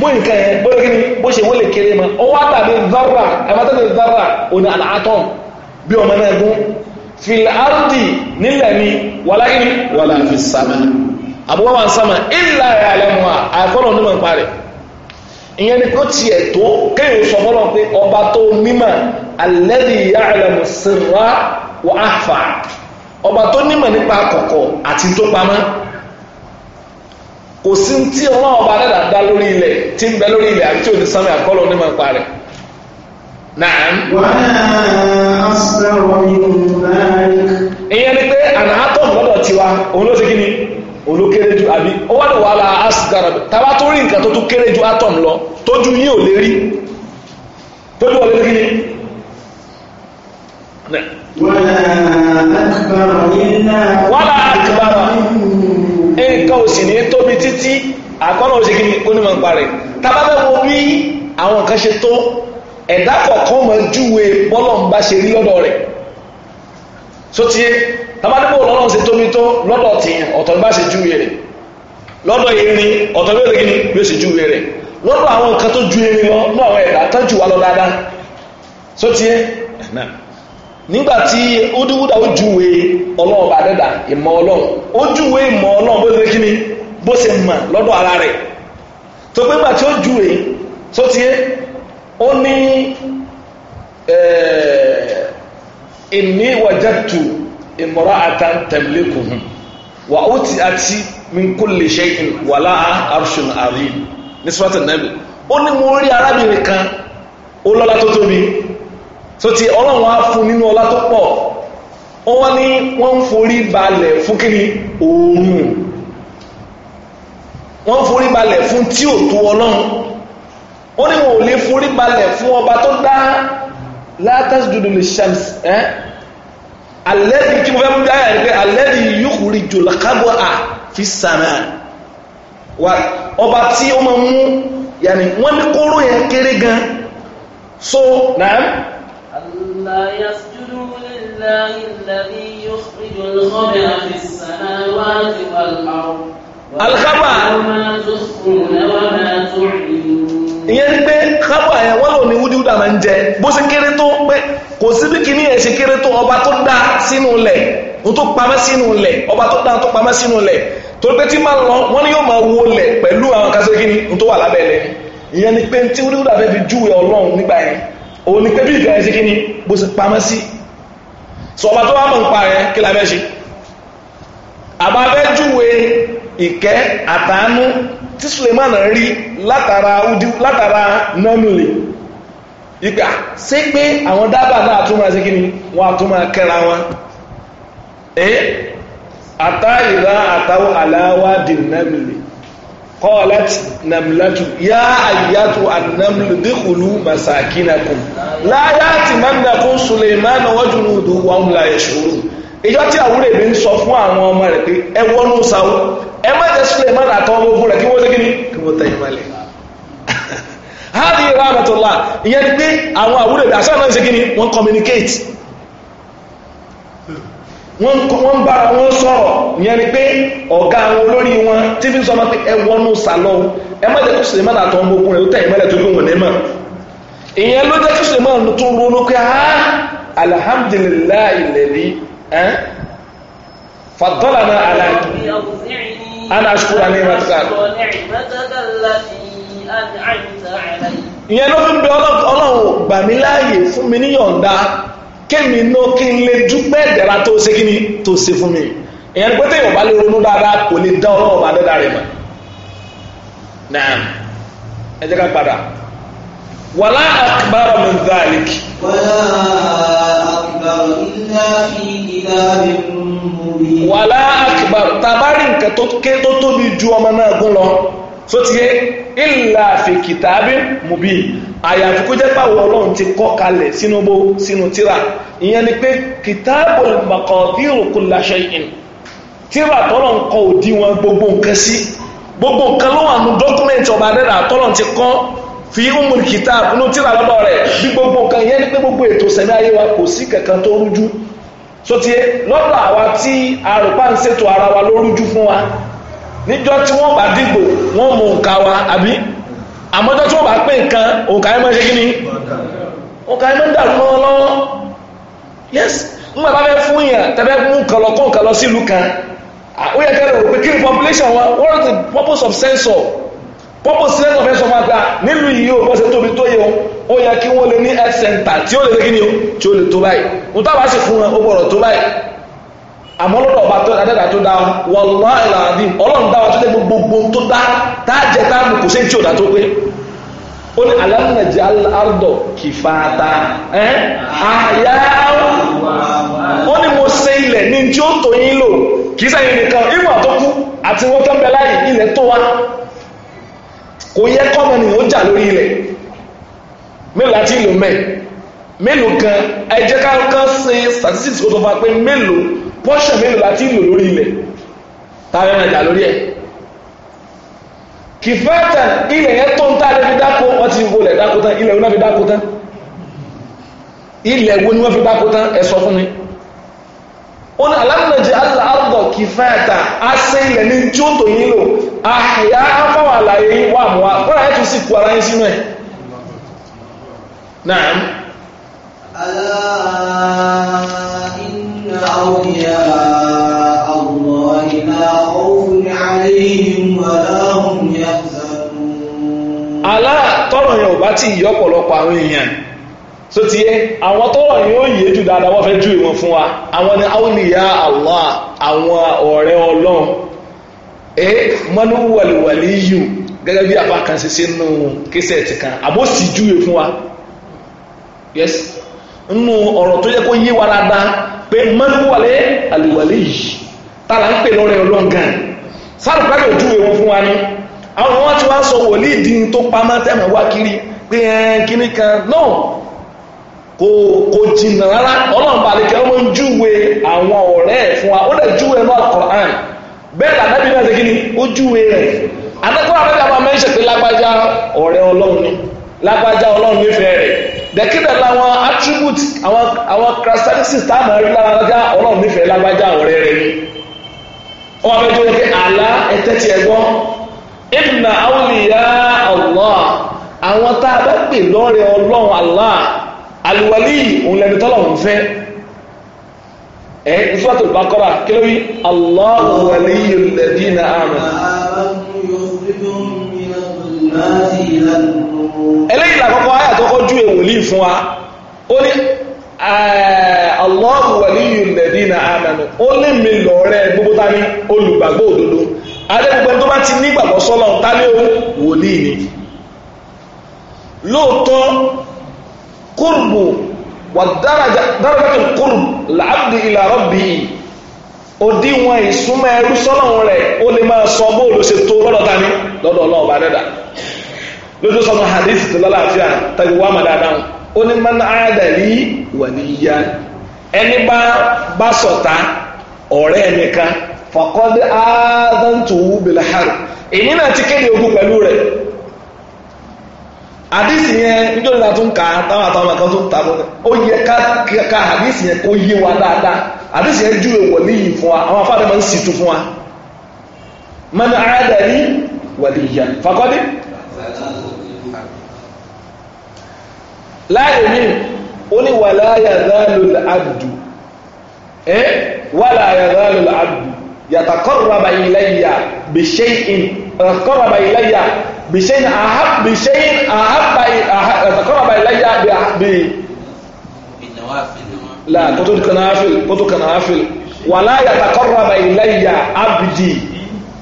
bó nǹkan ẹ̀ bó lè kíni bó ṣe wọlé kéré ma ó wá tàbí dharra ẹ̀fọ́tàbí dharra òní al-atom bí ọmọ náà gún fil ardi nílẹ̀ ni wala kíni wala fis samaa àbúkọ́ wà ń sáma ìlà ẹ̀ àlẹ́ mu à àkọ́lọ̀ ìyẹn ni kó tiẹ̀ tó kéèyàn sọ fọlọ́ pé ọba tó mímọ̀ alladhi ya'lamu sirra wa akhfa ọba tó nímọ̀ nípa kọ̀kọ̀ àti tó pamọ́ kò sí tí ọlọ́run ọba dáadáa dá lórí ilẹ̀ tí ń bẹ lórí ilẹ̀ àti tí ò ní sánmi àkọlù onímọ̀ nípa rẹ̀ naam. ìyẹn ni pé àná àtọ̀ lọ́dọ̀ tiwa òun ló ṣe kí ni olókéré ju àbí ó wà lọ́wọ́ ala asgara tàbá tó rí nǹkan tó tún kéré ju atom lọ tójú yín ò lè rí tójú wọlé lókè yín. wàlá akbara nǹkan ò sì ní tóbi títí àkọ́nà ò sì kí ni onímọ̀ ń parẹ́ tàbá bẹ́ẹ̀ wo bí àwọn nǹkan ṣe tó ẹ̀dá kọ̀ọ̀kan mọ̀ júwe bọ́lọ̀ ń bá ṣe rí lọ́dọ̀ rẹ̀ sótíyé tamadébò lọ́lọ́ ṣe tómi tó lọ́dọ̀ tìyàn ọ̀tọ̀ bá ṣe júwe rẹ̀ lọ́dọ̀ erin ọ̀tọ̀ bí òdegini bí ó ṣe júwe rẹ̀ lọ́dọ̀ àwọn nǹkan tó ju erin lọ ní àwọn ẹ̀dá tó jù wá lọ dáadáa só tiẹ́ nígbà tí ódúwúdà ó júwe ọlọ́run bá dẹ́dà ìmọ̀ ọlọ́run ó júwe ìmọ̀ ọlọ́run bó ṣe kíni bó ṣe mọ̀ lọ́dọ̀ ara rẹ̀ tó pé nígbà tí ó júwe só tiẹ́ ó ní ẹ̀ẹ́ inni wajadtu imra'atan tamlikuhum wa uti'ati min kulli shay'in wa laha arshun azim ní sọ́tún nẹ́bì ó ní mo rí arábìnrin kan ó lọ́lá tó tóbi tó ti ọlọ́run á fún nínú ọlá tó pọ̀ ó wá ní wọ́n ń forí balẹ̀ fún kíni oòrùn wọ́n ń forí balẹ̀ fún tí ò tó ọlọ́run ó ní wọn ò lè forí balẹ̀ fún ọba tó dá látàsídùdù alẹ́dì tí mo fẹ́ mú dáyà ní pé alẹ́dì yúkùrí jòlákábọ̀ à fi sàmà wà ọba tí ó ma mú yàní wọ́n ní kóró yẹn kéré gan so náà Allah yasjudu lillahi alladhi yukhriju al-khab'a samawati wal-ard. al Wa ma tukhfuna wa ma tu'linu ìyẹn ni pé kábọ̀ àyẹ̀ wọ́n lò ní wúdíwúdà máa ń jẹ bó ṣe kéré tó pé kò sí bí kìíní ẹ̀ ṣe kéré tó ọba tó dá sínú ilẹ̀ ohun tó pamẹ́ sínú ilẹ̀ ọba tó dá tó pamẹ́ sínú ilẹ̀ tó pé tí máa lọ wọ́n ní yóò máa wo ilẹ̀ pẹ̀lú àwọn kásẹ̀ kìíní ohun tó wà lábẹ́ ilẹ̀ ìyẹn ni pé tí wúdíwúdà fẹ́ fi júwe ọlọ́run nígbà yẹn òun ni pé bí ìgbà yẹn ṣe kìíní bó ṣe pamẹ́ sí sọ ọba tó wà mọ̀ nípa tí Suleiman rí látara udi látara nọ́mìlì ìgbà ṣé pé àwọn dábà náà tún máa ṣe ni wọ́n á tún máa kẹ́ra wọn ẹ́ àtà ìlà àtàwọn aláwà dì nọ́mìlì kọ́ọ̀lẹ́tì nàmìlẹ́tù yá àyàtò ànàmìlì díkùlù masakinakum láyàtì mẹ́mìnàkún Suleiman wọ́jùnú ìdúwọ́n láyẹ̀ ṣòro ìjọ tí àwúrẹ̀ mi ń sọ fún àwọn ọmọ rẹ̀ pé ẹ sáwọ́ ẹ má jẹ́ Suleiman àtọwọ́ ogun rẹ̀ kí wọ́n ṣe ni kí wọ́n tẹ̀yìn balẹ̀ hadi rahmatullah ìyẹn ti pé àwọn àwúrò na àṣà náà ṣe ni wọ́n communicate wọ́n bára wọn sọ̀rọ̀ ìyẹn ni pé ọ̀gá àwọn olórí wọn tí fi ń sọ pé ẹ wọnú sàlọ́ má Suleiman àtọwọ́ ogun rẹ̀ ó tẹ̀yìn balẹ̀ tó kí wọ́n ha ana ṣukúra ní ìmọ̀tíkà ìyẹn ló fi ń bẹ ọlọ́run gbà mí láàyè fún mi níyọ̀ǹda kémi náà kí n lè dúpẹ́ ìdẹ̀ra tó ṣe kí ni tó ṣe fún mi ìyẹn pété yóò bá lè ronú dáadáa kò lè dá ọlọ́run bá dẹ́dá rẹ̀ mọ̀ ẹ jẹ́ ká padà wàlá akbar min dhalik. wàlá akbar illa fi kitabin mubin. wàlá akbar tabari nǹkan tó ké tó tóbi ju ọmọ náà gún lọ tó ti yé illa fi kitabin mubin àyàfi kó jẹ́ pàwọ́ ọlọ́run ti kọ́ kalẹ̀ sínú bó sínú tíra ìyẹn ni pé kitabul maqadiru kulli shay'in tíra tọ́lọ̀ ń kọ òdiwọ̀n gbogbo nǹkan sí gbogbo nǹkan ló wà nù dọ́kúmẹ̀ntì ọba adẹ́dà tọ́lọ̀ ti kọ́ fi umar kitab inú tíra lọ́dọ̀ rẹ̀ bí gbogbo nǹkan yẹn ní pé gbogbo ètò sẹ́mi ayé wa kò sí kankan tó rújú sotie lọ́dọ̀ àwa tí arùpá ń ṣètò ara wa ló rújú fún wa níjọ́ tí wọ́n bá dìgbò wọ́n mú nǹka wa àbí àmọ́jọ́ tí wọ́n bá pè nǹkan òǹkà yẹn máa ṣe kí ni òǹkà yẹn máa ń dàrú mọ́ lọ́wọ́ yes ń bàbá fẹ́ fún yàn tẹ́fẹ́ mú nǹkan lọ kó nǹkan lọ sílùú kan ó yẹ kẹ́rẹ̀ òpin kí population wa what is the purpose of censor purpose sẹ́yìn fẹ́ sọ máa gba ah, nílùú yìí yóò bọ́sẹ̀ tóbi tó o ó yẹ kí wọ́n lè ní center tí ó lè o tí ó lè tó báyìí tábà sì fún wọn ó gbọ́dọ̀ tó báyìí ọba tó adẹ́dà tó dá wàllá ìlàdí ọlọ́run gbogbo tó dá kò sí tó pé ó ní àyà eh, ó ní mo ṣe ilẹ̀ ní tí ó tó yín lò kì kò yẹ kọ́mọ ni wọ́n jà lórí ilẹ̀ mélòó láti ìlú mẹ́ mélòó kan ẹ jẹ́ ká kán ṣe statistics kó sọ fún wa pé mélòó pọ́ṣọ̀ mélòó láti ìlú lórí ilẹ̀ táwọn ẹran jà lórí ẹ̀ kìfẹ́tà ilẹ̀ yẹn tó ń tá ilẹ̀ dáko wọ́n ti wo ilẹ̀ dáko tán ilẹ̀ wo ni wọ́n fi dáko tán ẹ fún mi. wọn ní na ji ala fẹ́ẹ̀ta kifata sí ilẹ̀ ní tí ó tò yín lò àyà àlàyé wà wa kọ́ra ẹ̀ tún sì kú ara yín sínú ẹ̀ náà. alá tọrọ yẹn ò bá ti yọ ọ̀pọ̀lọpọ̀ àwọn so ti yẹ àwọn tọ́rọ̀ ni ó yé jù dáadáa wọ́n fẹ́ ju ìwọ̀n fún wa àwọn ni awliya Allah àwọn ọ̀rẹ́ ọlọ́run ẹ mọ́nú wàlíwàlí yù gẹ́gẹ́ bí apá kan ṣe ṣe nù kẹsẹ̀tì kan àbó sì júwe fún wa yes nínú ọ̀rọ̀ tó yẹ kó yé wa dáadáa pé mọ́nú wàlẹ́ àlìwàlí yìí tààlà ń pè lọ́rẹ́ ọlọ́run gan sáré pàdé òjúwe wọn fún wa ni àwọn wọn ti wá sọ wòlíì dín tó pamọ́ tẹ́mọ̀ kò kò jìnnà rárá ọlọ́run bá lẹ́kẹ́ ọmọ júwe àwọn ọ̀rẹ́ ẹ̀ fún wa ó dẹ̀ júwe ẹ̀rọ àkọ́rán bẹ́ẹ̀ ni ànábì náà ṣe ni ó júwe rẹ̀ ànákọ́ lágbájá ọ̀rẹ́ ọlọ́run ni lágbájá ọlọ́run rẹ̀ làwọn attributes àwọn tá a máa rí lágbájá ọlọ́run lágbájá ọ̀rẹ́ rẹ̀ ni àlùwálí òun lẹni tọ́lọ̀ ń fẹ́ ẹ ìfọ́tò bàkọ́rà kí ló wí Allahu waliyyul ladina amanu. eléyìí làkọ́kọ́ ayà tó kọjú èwòlí fún wa ó ní Allahu waliyyul ladina amanu ó lè mi lọ rẹ gbogbo ta ni olùgbàgbọ́ òdodo adẹ́gbẹ́gbẹ́ tó bá ti nígbàgbọ́ sọ́lọ́ ta ni ó wòlíì ni lóòótọ́ القرب والدرجة درجة القرب العبد إلى ربه òdiwọ̀n ìsúnmọ́ ẹrú sọ́lọ́run rẹ̀ ó lè máa sọ bóòlù ṣe tó lọ́dọ̀ tani lọ́dọ̀ Ọlọ́run bá dẹdà lójú sọmọ hadith tó lálàáfíà tàbí wà má dáadáa ó ní mọ náà dàrí wà ní yá ẹni bá bá ṣọ̀tá ọ̀rẹ́ mi kan fọkọdé ádántòwú bìlẹ hàrù èmi náà ti kéde ogun pẹ̀lú rẹ̀ àdísì yẹn níjọ́ nígbà tó ń kà á táwọn àtàwọn kan tó ń ta lọ́dẹ ó yẹ ká ka àdísì yẹn kó yé wa dáadáa àdísì yẹn júwe wọ̀lí yìí fún wa àwọn afáàdé máa ń sìtú fún wa mọ́nà àádẹ́rì wọ̀lí yẹn fakọ́dé láàyè mi ó ní wàlá yàgàlù àbdù ẹ́ wàlá yàgàlù àbdù yàtàkọ́rọ̀bà ìlẹ́yà bìṣẹ́ ìn yàtàkọ́rọ̀bà ìlẹ́yà بشيء أحب بشيء أحب تقرب إلي ب لا كنت كنافل كنت كنافل ولا يتقرب إلي عبدي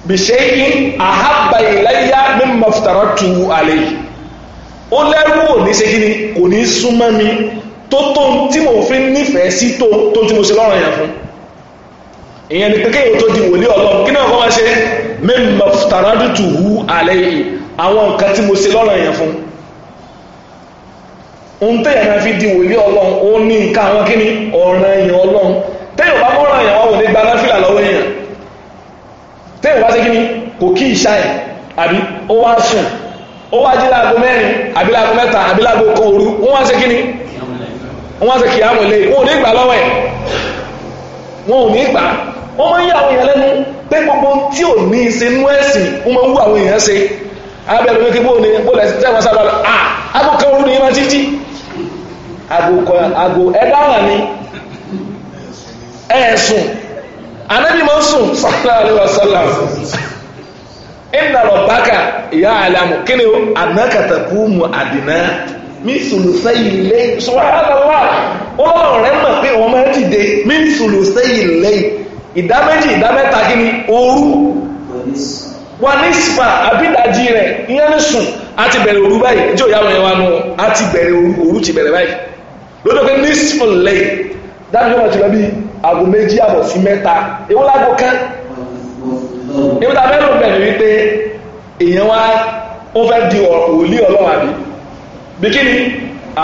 بشيء أحب إلي مما افترضته عليه ó lẹ́rú ò ní ṣe kí ni kò ní súnmọ́ mi tó tó tí mo fi nífẹ̀ẹ́ sí tó tó tí mo ṣe lọ́rọ̀ yẹn fún ìyẹn ni pé tó di wòlíì Ọlọ́run kí náà kọ́ wá ṣe mimma iftaradtuhu alayhi àwọn nǹkan tí mo ṣe lọ́rọ̀ yẹn fún ohun tẹ́yẹ̀ náà fi di wòlé ọlọ́run ó ní nǹkan àwọn kíní ọ̀ràn èèyàn ọlọ́run tẹ́yẹ̀ bá mọ́ràn èèyàn wọ́n wò ní gba náfìlà lọ́wọ́ èèyàn tẹ́yẹ̀ bá ṣe kíní kò kí ìṣá ẹ̀ àbí ó wá sùn ó wá jí láago mẹ́rin àbí láago mẹ́ta àbí láago kan òru wọ́n wá ṣe kíní wọ́n wá ṣe kìyàmù lé wọn ò ní gbà lọ́wọ́ ẹ̀ wọn ò ní gbà wọ́n máa ń yà àwọn èèyàn lẹ́nu pé gbogbo tí ò ní í ẹ̀sìn wọ́n máa ń wú àwọn èèyàn ṣe abẹ́rẹ́ wípé bó ni bó lẹ́sí tẹ́wọ́n sábà lọ à ago kan orú ni yín máa ti jí ago kan ago ẹ dáhà ni ẹ sùn anábì máa ń sùn sallallahu alaihi wasallam inna rabbaka ya'lamu kí ni annaka taqumu adna mísùlù sẹ́yìn lẹ́yìn ṣùgbọ́nàlá ọlọ́run rẹ̀ mọ̀ pé wọ́n máa dìde mísùlù sẹ́yìn lẹ́yìn ìdá méjì ìdá mẹ́ta kí ni òru wà ní ìsìpà àbídájí rẹ̀ ìyẹn ní sùn a ti bẹ̀rẹ̀ òru báyìí jẹ́ òyàwó ẹ̀wà nù a ti bẹ̀rẹ̀ òru òru ti bẹ̀rẹ̀ báyìí lódò pé ní sùn lẹ́yìn dájú ọmọ ti lọ bí aago méjì àbọ̀ sí mẹ́ta ewu lágbo kán ewu tá a fẹ́ lò bẹ̀rẹ̀ wípé èèyàn wá ó fẹ́ di òòlì ọlọ́wà bí bikini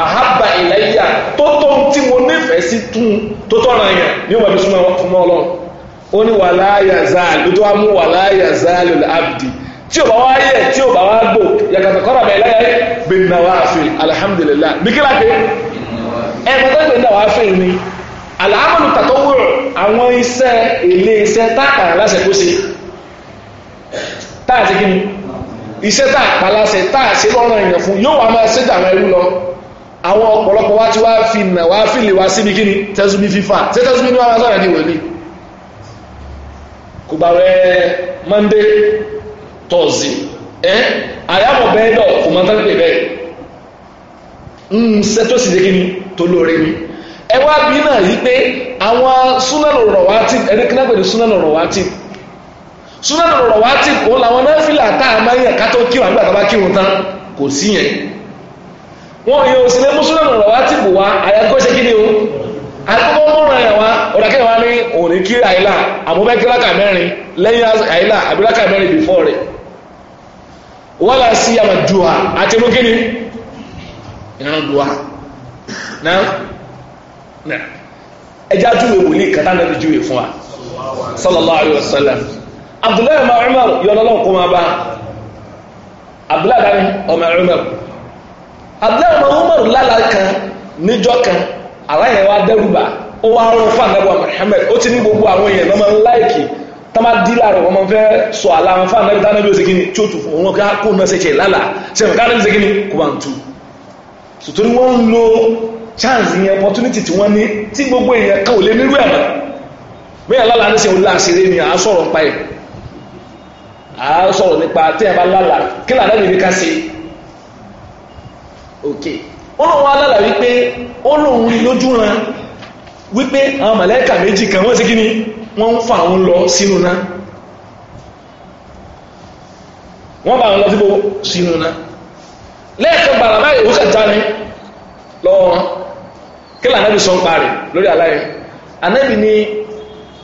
àhábà ìlẹ́yà tó tó tí mo nífẹ̀ẹ́ sí tún tó tọ́ràn èèyàn ní ìwà ìbísúnmọ́ ọlọ́run ó ní wàlá yazal tó wá mú wàlá yazal abdi tí o bá wá yẹ tí o bá wá gbò yàtọ̀ kọ́ra bẹ̀ láyé bí nàwáfì alhamdulillah ní kí láti ẹ̀kọ́ tó gbé nàwáfì ni alhamdu tàtọ́wọ́ àwọn iṣẹ́ ilé iṣẹ́ táàkàrà láṣẹ kó ṣe táàtì kí ni iṣẹ́ táàkà láṣẹ táàṣe lọ́rọ̀ èèyàn fún yóò wá máa ṣẹ́jà àwọn ẹrú lọ àwọn ọ̀pọ̀lọpọ̀ wá ti wá fi nàwáfì lè wá síbi kí ni tẹ́sùmí fífà ṣé tẹ́sùmí ni wọ́n máa sọ̀rọ̀ ní wòlíì kubawe mande tozi eh aya mo be do ko be be mm se to si de kini to lore mi e bi na yi pe awon sunna lo ro wa kwenye e ni kina pe sunna lo ro wa ti sunna won na fi la ta ma yan ka to ki ta ba ki won tan ko si yen won yo si le mo sunna lo ro wa ti bo aya ko se kini o àkọ́kọ́ mọ́ràn ẹ̀ wá ọ̀dàkẹ́ wa ní òní kí àìlà àmúbẹ́ kí rákà mẹ́rin lẹ́yìn àìlà àbí rákà mẹ́rin bìfọ́ rẹ̀ wọ́n là sí àmà dùà àti mú kíni ìran dùà náà náà ẹjá júwe wòlíì kàtà náà ti júwe fún wa sallallahu alayhi wa sallam abdullahi ọmọ umar yọlọlọ kó máa bá abdullahi ọmọ umar abdullahi ọmọ umar lálàá kan níjọ́ kan aláyẹ̀ wa dẹ́rùbà ó wá rán fún ànábì Muhammad ó ti ní gbogbo àwọn èèyàn lọ́mọ láìkì tọ́mà dílà rẹ̀ wọ́n fẹ́ sọ àlàáhùn fún ànábì tánàbí ó segin tí ó tù fún òun ká kó náà ṣẹ̀ṣẹ̀ lálà sẹ́wọ̀n ká náà segin kó bá ń tu sùtúrú wọ́n ń lo chance yẹn opportunity tí wọ́n ní tí gbogbo èèyàn kan ò lè nírú ẹ̀mọ́ bẹ́ẹ̀ lálà ní sẹ́wọ̀n láṣẹrẹ ni à ń sọ̀rọ̀ nípa ẹ̀ à ń sọ̀rọ̀ nípa tẹ́yà bá lálà kí làdá ó lóun alálà wípé ó lóun rí lójú ran wípé àwọn màlẹ́kà méjì kan wọ́n sí kí ni wọ́n ń fa àwọn lọ sínú náà wọ́n bá wọn lọ síbò sínú náà lẹ́ẹ̀kan bàrà báyìí ó sẹ̀ jáde lọ́wọ́ wọn kí bí sọ ń parí lórí aláìrìn anábì ni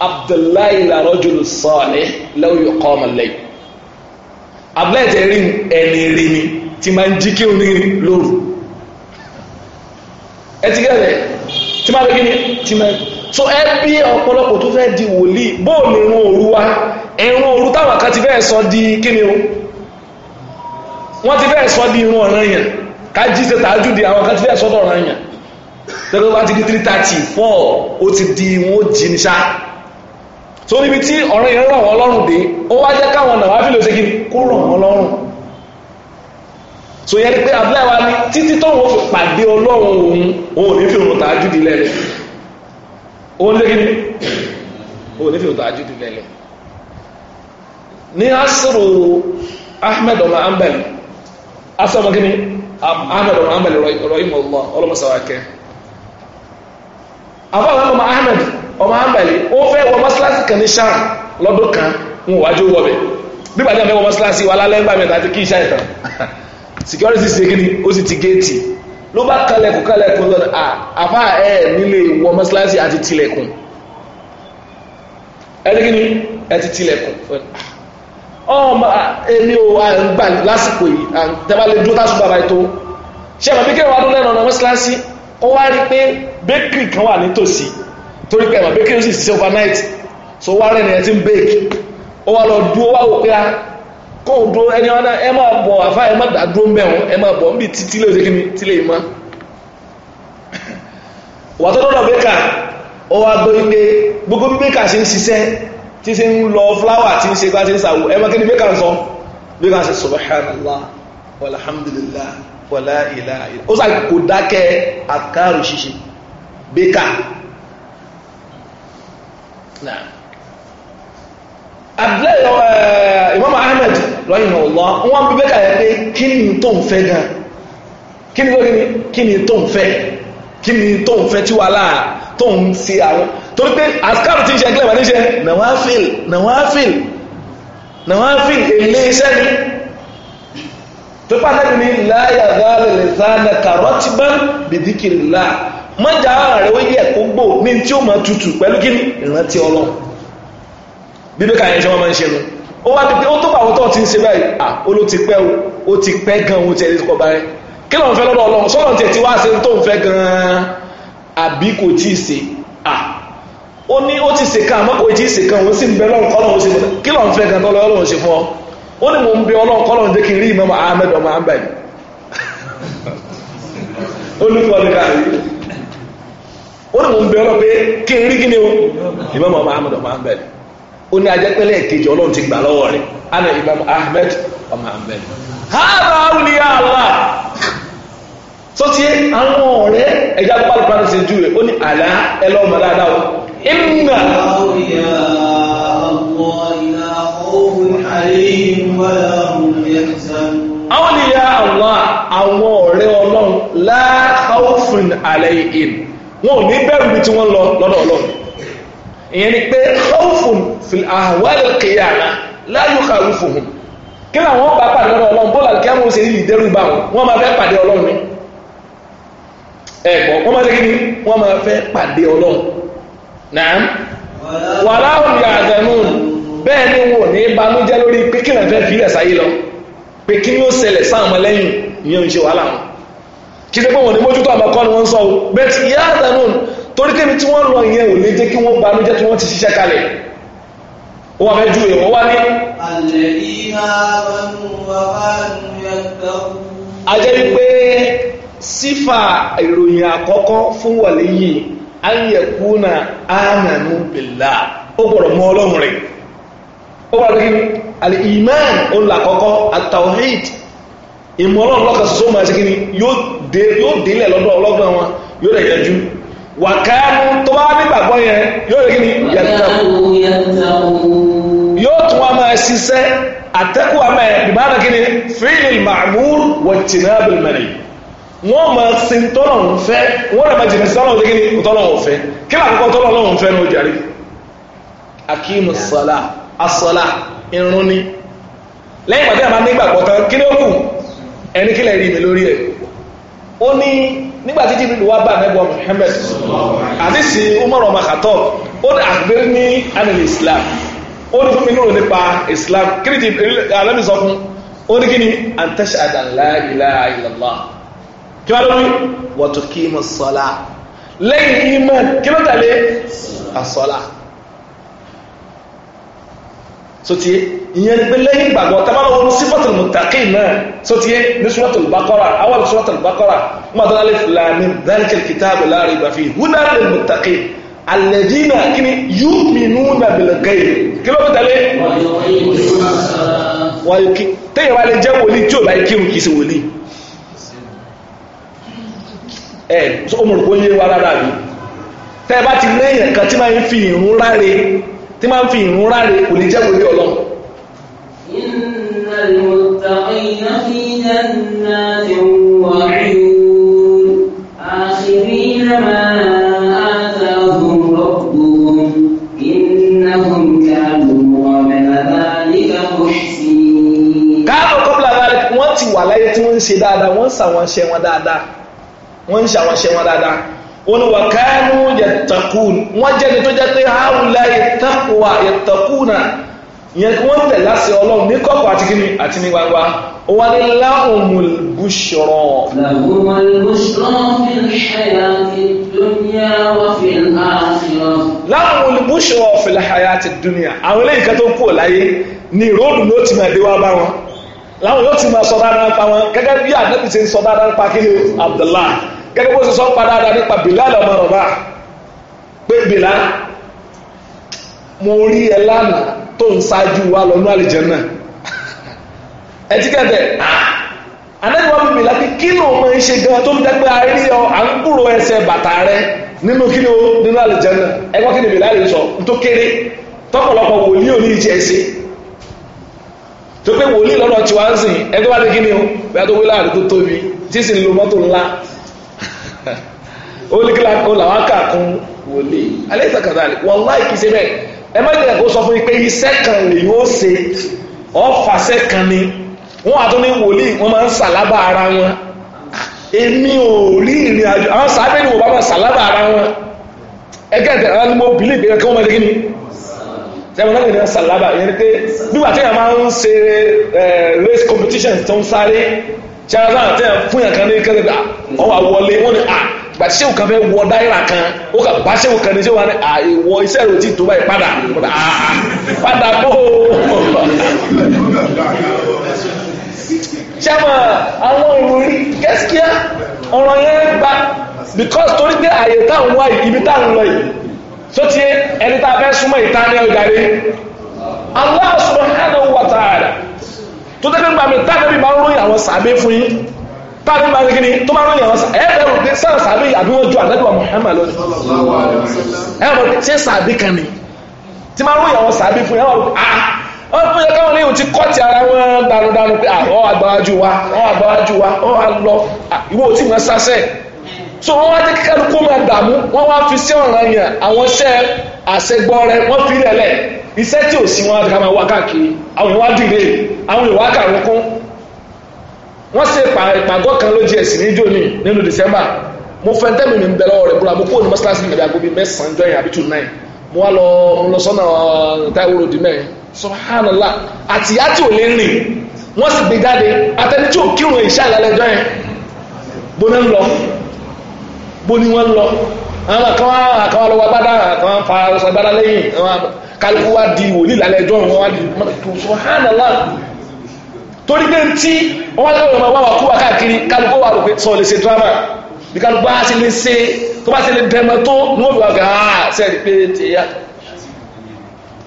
abdullahi la rajulu salih law yuqama al-layl ni tí máa ń jí kí òun ní ẹ ti gẹ́rẹ̀ tí máa lókè ní tí so ẹ bí ọ̀pọ̀lọpọ̀ tó fẹ́ di wòlíì bóòlù irun òru wa irun òru táwọn kan ti fẹ́ sọ di kíni o wọ́n ti fẹ́ sọ di irun ọ̀ràn yẹn ká jí ṣe tààjú di àwọn kan ti fẹ́ sọ di ọ̀ràn yẹn tẹ́lẹ̀ bá ti di three ó ti di wọn ó jí ní so níbi tí ọ̀ràn yẹn ràn wọ́n lọ́rùn dé ó wá jẹ́ káwọn náà wá fi lè ṣe kí kó ràn wọ́n lọ́rùn so yẹn ni pé abúlé wa ni títí tóun fi pàdé ọlọ́run òun òun ò ní fi òun tàájú di lẹ́lẹ̀ òun lé kíni òun ní fi òun tàájú di lẹ́lẹ̀ ní asòrò Ahmed ọmọ ambel asọ́mọ kíni Ahmed ọmọ ambel rọ̀yìn ọlọ́ ọlọ́mọsàwákẹ́ àbáwọn ọmọ Ahmed ọmọ ambel ó fẹ́ wọ mọ́sálásí kan ní sàn lọ́dún kan ń wájú wọ̀ bẹ́ẹ̀ bí bàtà mẹ́wọ́ mọ́sálásí wà lálẹ́ ńgbà mẹ́ta àti kí iṣẹ́ ìtàn security ṣe kí ni ó sì ti géètì ló bá kalẹ̀kùn kalẹ̀kùn lọ́nà àfá ẹ̀ nílé wọ mọ́sálásí àti tilẹ̀kùn ẹni kí ni ẹ ti tilẹ̀kùn ọmọ èmi ò à ń gbà lásìkò yìí à ń tẹ́bá lè dúró tásùbà báyìí tó ṣe àmọ́ bí kí wàá dún lẹ́nu ọ̀nà mọ́sálásí ó wá rí pé bakery kan wà nítòsí torí pé àmọ́ bakery sì ṣiṣẹ́ overnight so wá rẹ̀ ni ẹ ti ń bake ó wá lọ dúró wá wò pé kó o dúró ẹni wọn náà ẹ máa bọ̀ àfa ẹ má dá dúró mẹ́wọ̀n ẹ máa bọ̀ níbi títí lè ṣe kíni tí lè mọ́ wà tó lọ́dọ̀ bẹ́kà ó wá gbọ́ ike gbogbo bí bẹ́kà ṣe ń ṣiṣẹ́ tí ṣe ń lọ fúláwà tí ń ṣe bá ṣe ń ṣàwò ẹ máa kí ni bẹ́kà ń sọ bẹ́kà ṣe subhanallah walhamdulillah wala ilaha illa ó sàkó kò dákẹ́ àkàrò ṣíṣe bẹ́kà náà abdullahi eh, imam ahmed lọ́yìn ọ̀lọ́ wọ́n bí bẹ́kà yẹ pé kí ni tó ń fẹ́ gan kí ni lórí kí ni tó ń fẹ́ kí ni tó ń fẹ́ tí wà láà tó ń ṣe àwọn torí pé askáàrù ti ń ṣe ẹgbẹ́ ìwà níṣẹ́ nàwáfíìl nàwáfíìl nàwáfíìl èlé iṣẹ́ ni bíbí ká yẹn ṣe wọ́n máa o ó wá pípé ó tó ti ń ṣe báyìí ó ló ti pẹ́ o ó ti pẹ́ gan o tiẹ̀ lè kọ́ kí ló ń fẹ́ lọ́dọ̀ ọlọ́run sọ́dọ̀ tiẹ̀ ti wá ṣe tó ń fẹ́ gan-an àbí kò tí ì ṣe ó ní ó ti ṣe kan àmọ́ kò tí ì ṣe kan òun sì ń bẹ lọ́run ṣe kí ló ń fẹ́ gan-an ṣe fún ọ ó ní mò ń bẹ ó ní ajẹ́pẹ́lẹ́ kejì ti gbà lọ́wọ́ a ana imam ahmed ọmọ ahmed hàrá awliya Allah tó ti àwọn ọ̀rẹ́ ẹ̀yà pálípàlì ti ju rẹ̀ ó ní àlá ẹlọ́mọ dáadáa ìmúnà. àwọn ìyá àwọn àwọn la wọn ò ní bí tí lọ ìyẹn ni pé khawfun fil ahwal qiyamah la yukhawifuhum kí làwọn bá pàdé lọ́dọ̀ ọlọ́run bọ́ọ̀lù àti kíámù ṣe nílì dẹ́rù bá wọn wọ́n máa fẹ́ pàdé ọlọ́run ni ẹ̀gbọ́n wọ́n máa fẹ́ kí ni wọ́n máa fẹ́ pàdé ọlọ́run náà wà láwùn yà àdánù bẹ́ẹ̀ ni wò ní banújẹ́ lórí pé kí làǹfẹ́ fi ẹ̀sáyé lọ torí kébi tí wọ́n lọ yẹn ò lè jẹ́ kí wọ́n banújẹ́ tí wọ́n ti ṣiṣẹ́ kalẹ̀ ó wà mẹ́jú rẹ̀ wọ́n wá ní. àlẹ́ ìhà ọ̀nù wàhánù yàtọ̀. a jẹ́ wípé sífà ìròyìn àkọ́kọ́ fún wàlẹ́ yìí á yẹ kúnà ánànú bìlà ó gbọ́dọ̀ mọ ọlọ́run rẹ̀ ó gbọ́dọ̀ kí àlẹ́ ìmán òun làkọ́kọ́ àtàwọ̀hìd ìmọ̀ ọlọ́run lọ́kàn sọ́sọ́ máa ṣe kí ni yóò délẹ̀ lọ́dọ̀ ọlọ́gbọ̀n wọn yóò rẹ̀ yẹjú wàkàánú tó bá nígbàgbọ́ yẹn yóò rí ni yóò tún wá máa ṣiṣẹ́ àtẹ́kù àmà ẹ̀ ìbára kí ni fíìlì màmúr wọ̀tìnà abẹ́lẹ̀mẹ̀rẹ̀ wọ́n máa sin tọ́lọ̀ ń fẹ́ wọ́n rẹ̀ máa jìnà sí tọ́lọ̀ ń fẹ́ tọ́lọ̀ ń fẹ́ kí ni àkọ́kọ́ tọ́lọ̀ ń fẹ́ ní ojàre akíìmù sọlá asọlá irun ni lẹ́yìn pàtẹ́ nígbàgbọ́ tán kí ni ó kù ẹni kílẹ̀ rí mi lórí ẹ̀ ó ní nígbà tí Jibril wá bá nẹ́bọ̀ Muhammad àti sí Umar ọmọ Khattab ó ní àgbẹ̀ ní anil Islam ó ní fún mi nílò nípa Islam kí ni Jibril alẹ́mi sọ fún ó ní kí ni antash adala ilaha illallah kí wọ́n lórí wọ́n tó kí mọ́ sọ́lá lẹ́yìn iman kí ló tẹ̀lé asọ́lá sotie ìyẹn ni pé lẹ́yìn ìgbàgbọ́ tabalọ wọn sífọtìlì mùtàkìn náà sotie ní sùrọtìlì bákọrà àwọn sùrọtìlì bákọrà wọn àti alẹ fìlàní dáríkìlì kìtàbù láàrin ìgbàfin húdàlẹ mùtàkìn alẹdínà kíni yóò mìínú nàbìlẹ gẹyìn kílómítà lé. wàyí kí téèyàn tí ò bá kírun kì í ṣe wòlíì. ẹ ọmọ rẹ kò yé wa rárá mi tẹ ẹ bá ti lẹ́yìn fi ìrún láre tí máa ń fi ìrún ráre kò ní jẹ́ wòlé ọlọ́run. innal muttaqina fi jannatin wa 'uyun akhirina ma atahum rabbuhum innahum wọ́n ti wà láyé tí wọ́n ń ṣe dáadáa wọ́n ń ṣàwọn ṣe wọn dáadáa wọ́n ń ṣàwọn ṣe wọn dáadáa wọn wà káánú yẹtàkùn wọ́n jẹ́ ni tó jẹ́ pé haúlá yẹtàkùwà yẹtàkùnà yẹn wọ́n tẹ̀ láti ọlọ́run ní kọ̀kọ̀ àti kíni àti ní gbangba ó wá ní láhùnmùl búṣọ̀rọ̀. làhùnmùl búṣọ̀rọ̀ fi ṣẹ̀yà ti dúnyà àwọn eléyìí kan tó kú ọ̀ ni ròdù ló ti máa dé wá bá wọn láwọn yóò ti máa sọ dáadáa pa wọn gẹ́gẹ́ bí àdébìtì sọ dáadáa pa kí gẹ́gẹ́ bó ṣe sọ ń pa dáadáa nípa Bilal ọmọ Rabah pé Bilal mo rí ẹ lánàá tó ń ṣáájú wa lọ́nú àlìjẹ́nà ẹ ti kẹ́tẹ̀ anáyẹ̀wò ah! bíbí láti kí ló máa ń ṣe gan tó fi jẹ́ pé a rí ọ à ń kúrò ẹsẹ̀ bàtà rẹ nínú kí ló nínú àlìjẹ́nà ẹgbẹ́ kí ni Bilal sọ tó kéré tọ́pọ̀lọpọ̀ wòlíì òní ìjẹ́ sí tó pé wòlíì lọ́dọ̀ tí ń sìn ẹgbẹ́ wá ní kí ni o bẹ́ẹ̀ tó wí láàrin tó tóbi tí sì ń lo mọ́tò ńlá olùkílà kó làwọn kà kún wòlíì alẹ́ ìsàkàdà rẹ̀ wọ́n láì kìí ṣe bẹ́ẹ̀ ẹ má jẹ́ kó sọ fún yín pé iṣẹ́ kan lè yóò ṣe ọ̀fàṣẹ́ kan ni wọ́n wà tó ní wòlíì wọ́n máa ń sàlábà ara wọn èmi ò rí ìrìn àjò àwọn sábẹ́ ni wọ́n bá máa sàlábà ara wọn ẹgẹ́ ìtẹ̀ àwọn mo bìlì ìgbéra kí wọ́n máa dégí ni sẹ́wọ̀n náà nìyẹn sàlábà yẹn ni pé nígbà tí máa ń ṣe race competition tó ń sáré ṣe ara sáà tẹ̀ fún yàn kan ní kẹ́lẹ́ ah, ọ̀wà wọlé wọ́n ni à ah, gbàtí sẹ́wù kan fẹ́ wọ dáírà kan ó kà bá sẹ́wù kan ní sẹ́wù kan àìwọ iṣẹ́ rẹ̀ ò tí tó báyìí padà padà bọ́ o. sẹ́wọ̀n àwọn ìròyìn gẹ́sìkíá ọ̀rọ̀ yẹn gba because torí pé àyè táwọn wáyé ibi táwọn lọ yìí tó ti ẹni tá a fẹ́ súnmọ́ ìta ní ọjà rẹ̀ Allah subhanahu wa ta'ala tó tẹ́lẹ̀ gbàmí táwọn ẹbí máa ń ròyìn àwọn sàbẹ̀ fún yín tábí máa ní kíni tó bá rán ní àwọn ẹ̀ẹ́dẹ̀rù pé sáà sàbí àbí wọ́n ju àdẹ́dùwà Muhammad lónìí ẹ̀ẹ́dẹ̀rù pé ṣé sàbí kan ni tí máa rán àwọn sàbí fún ah, yàrá òkú ah wọ́n fún yẹ káwọn léyìn tí kọ́ọ̀tì ara wọn dànùdànù pé ah ọ́ àgbáwájú wa ọ́ àgbáwájú wa ọ́ à lọ ìwọ ò tí mọ̀ sásẹ̀ so wọ́n wá jẹ́ kí kálukú máa dààmú wọ́n wá fi sí ọ̀ràn yẹn àwọn iṣẹ́ àṣegbọ́ rẹ wọ́n fi lẹ̀ lẹ̀ iṣẹ́ tí ò sí wọn ká máa wá káàkiri àwọn ìwádìí lè àwọn ìwákàrún kún wọ́n ṣe ìpàgọ́ kan ló jẹ́ ẹ̀sìn níjó ni nínú December mo fẹ́ tẹ́mi mi ń bẹ̀rẹ̀ ọ̀rẹ́ búra mo kúrò ní mọ́ṣáláṣí ìgbàgbé agobi mẹ́sàn-án jọyìn àbí two nine mo wá lọ mo lọ sọ́nà uh, Táíwò ròdì mẹ́rin subhanallah àti ìyá tí ò lè rìn wọ́n sì gbé jáde atẹni tí ò kírun ìṣá ìlàlẹ́jọ́ yẹn bó ní ń lọ bó ní wọ́n ń lọ àwọn àkàwà àkàwà lọ́wọ́ agbádá àkàwà ń fa agbádá lẹ́yìn kálukú wá di wòlíì lálẹ́jọ́ wọn torí pé tí wọ́n wá láwọn ọmọ wà kúwà káàkiri kálukú wà rò pé sọ lè ṣe drama bí kálukú wá sí lè ṣe tó bá sí lè dẹ̀mọ̀ tó ní wọ́n fi wà gà á sẹ́ẹ̀dì pé ti yá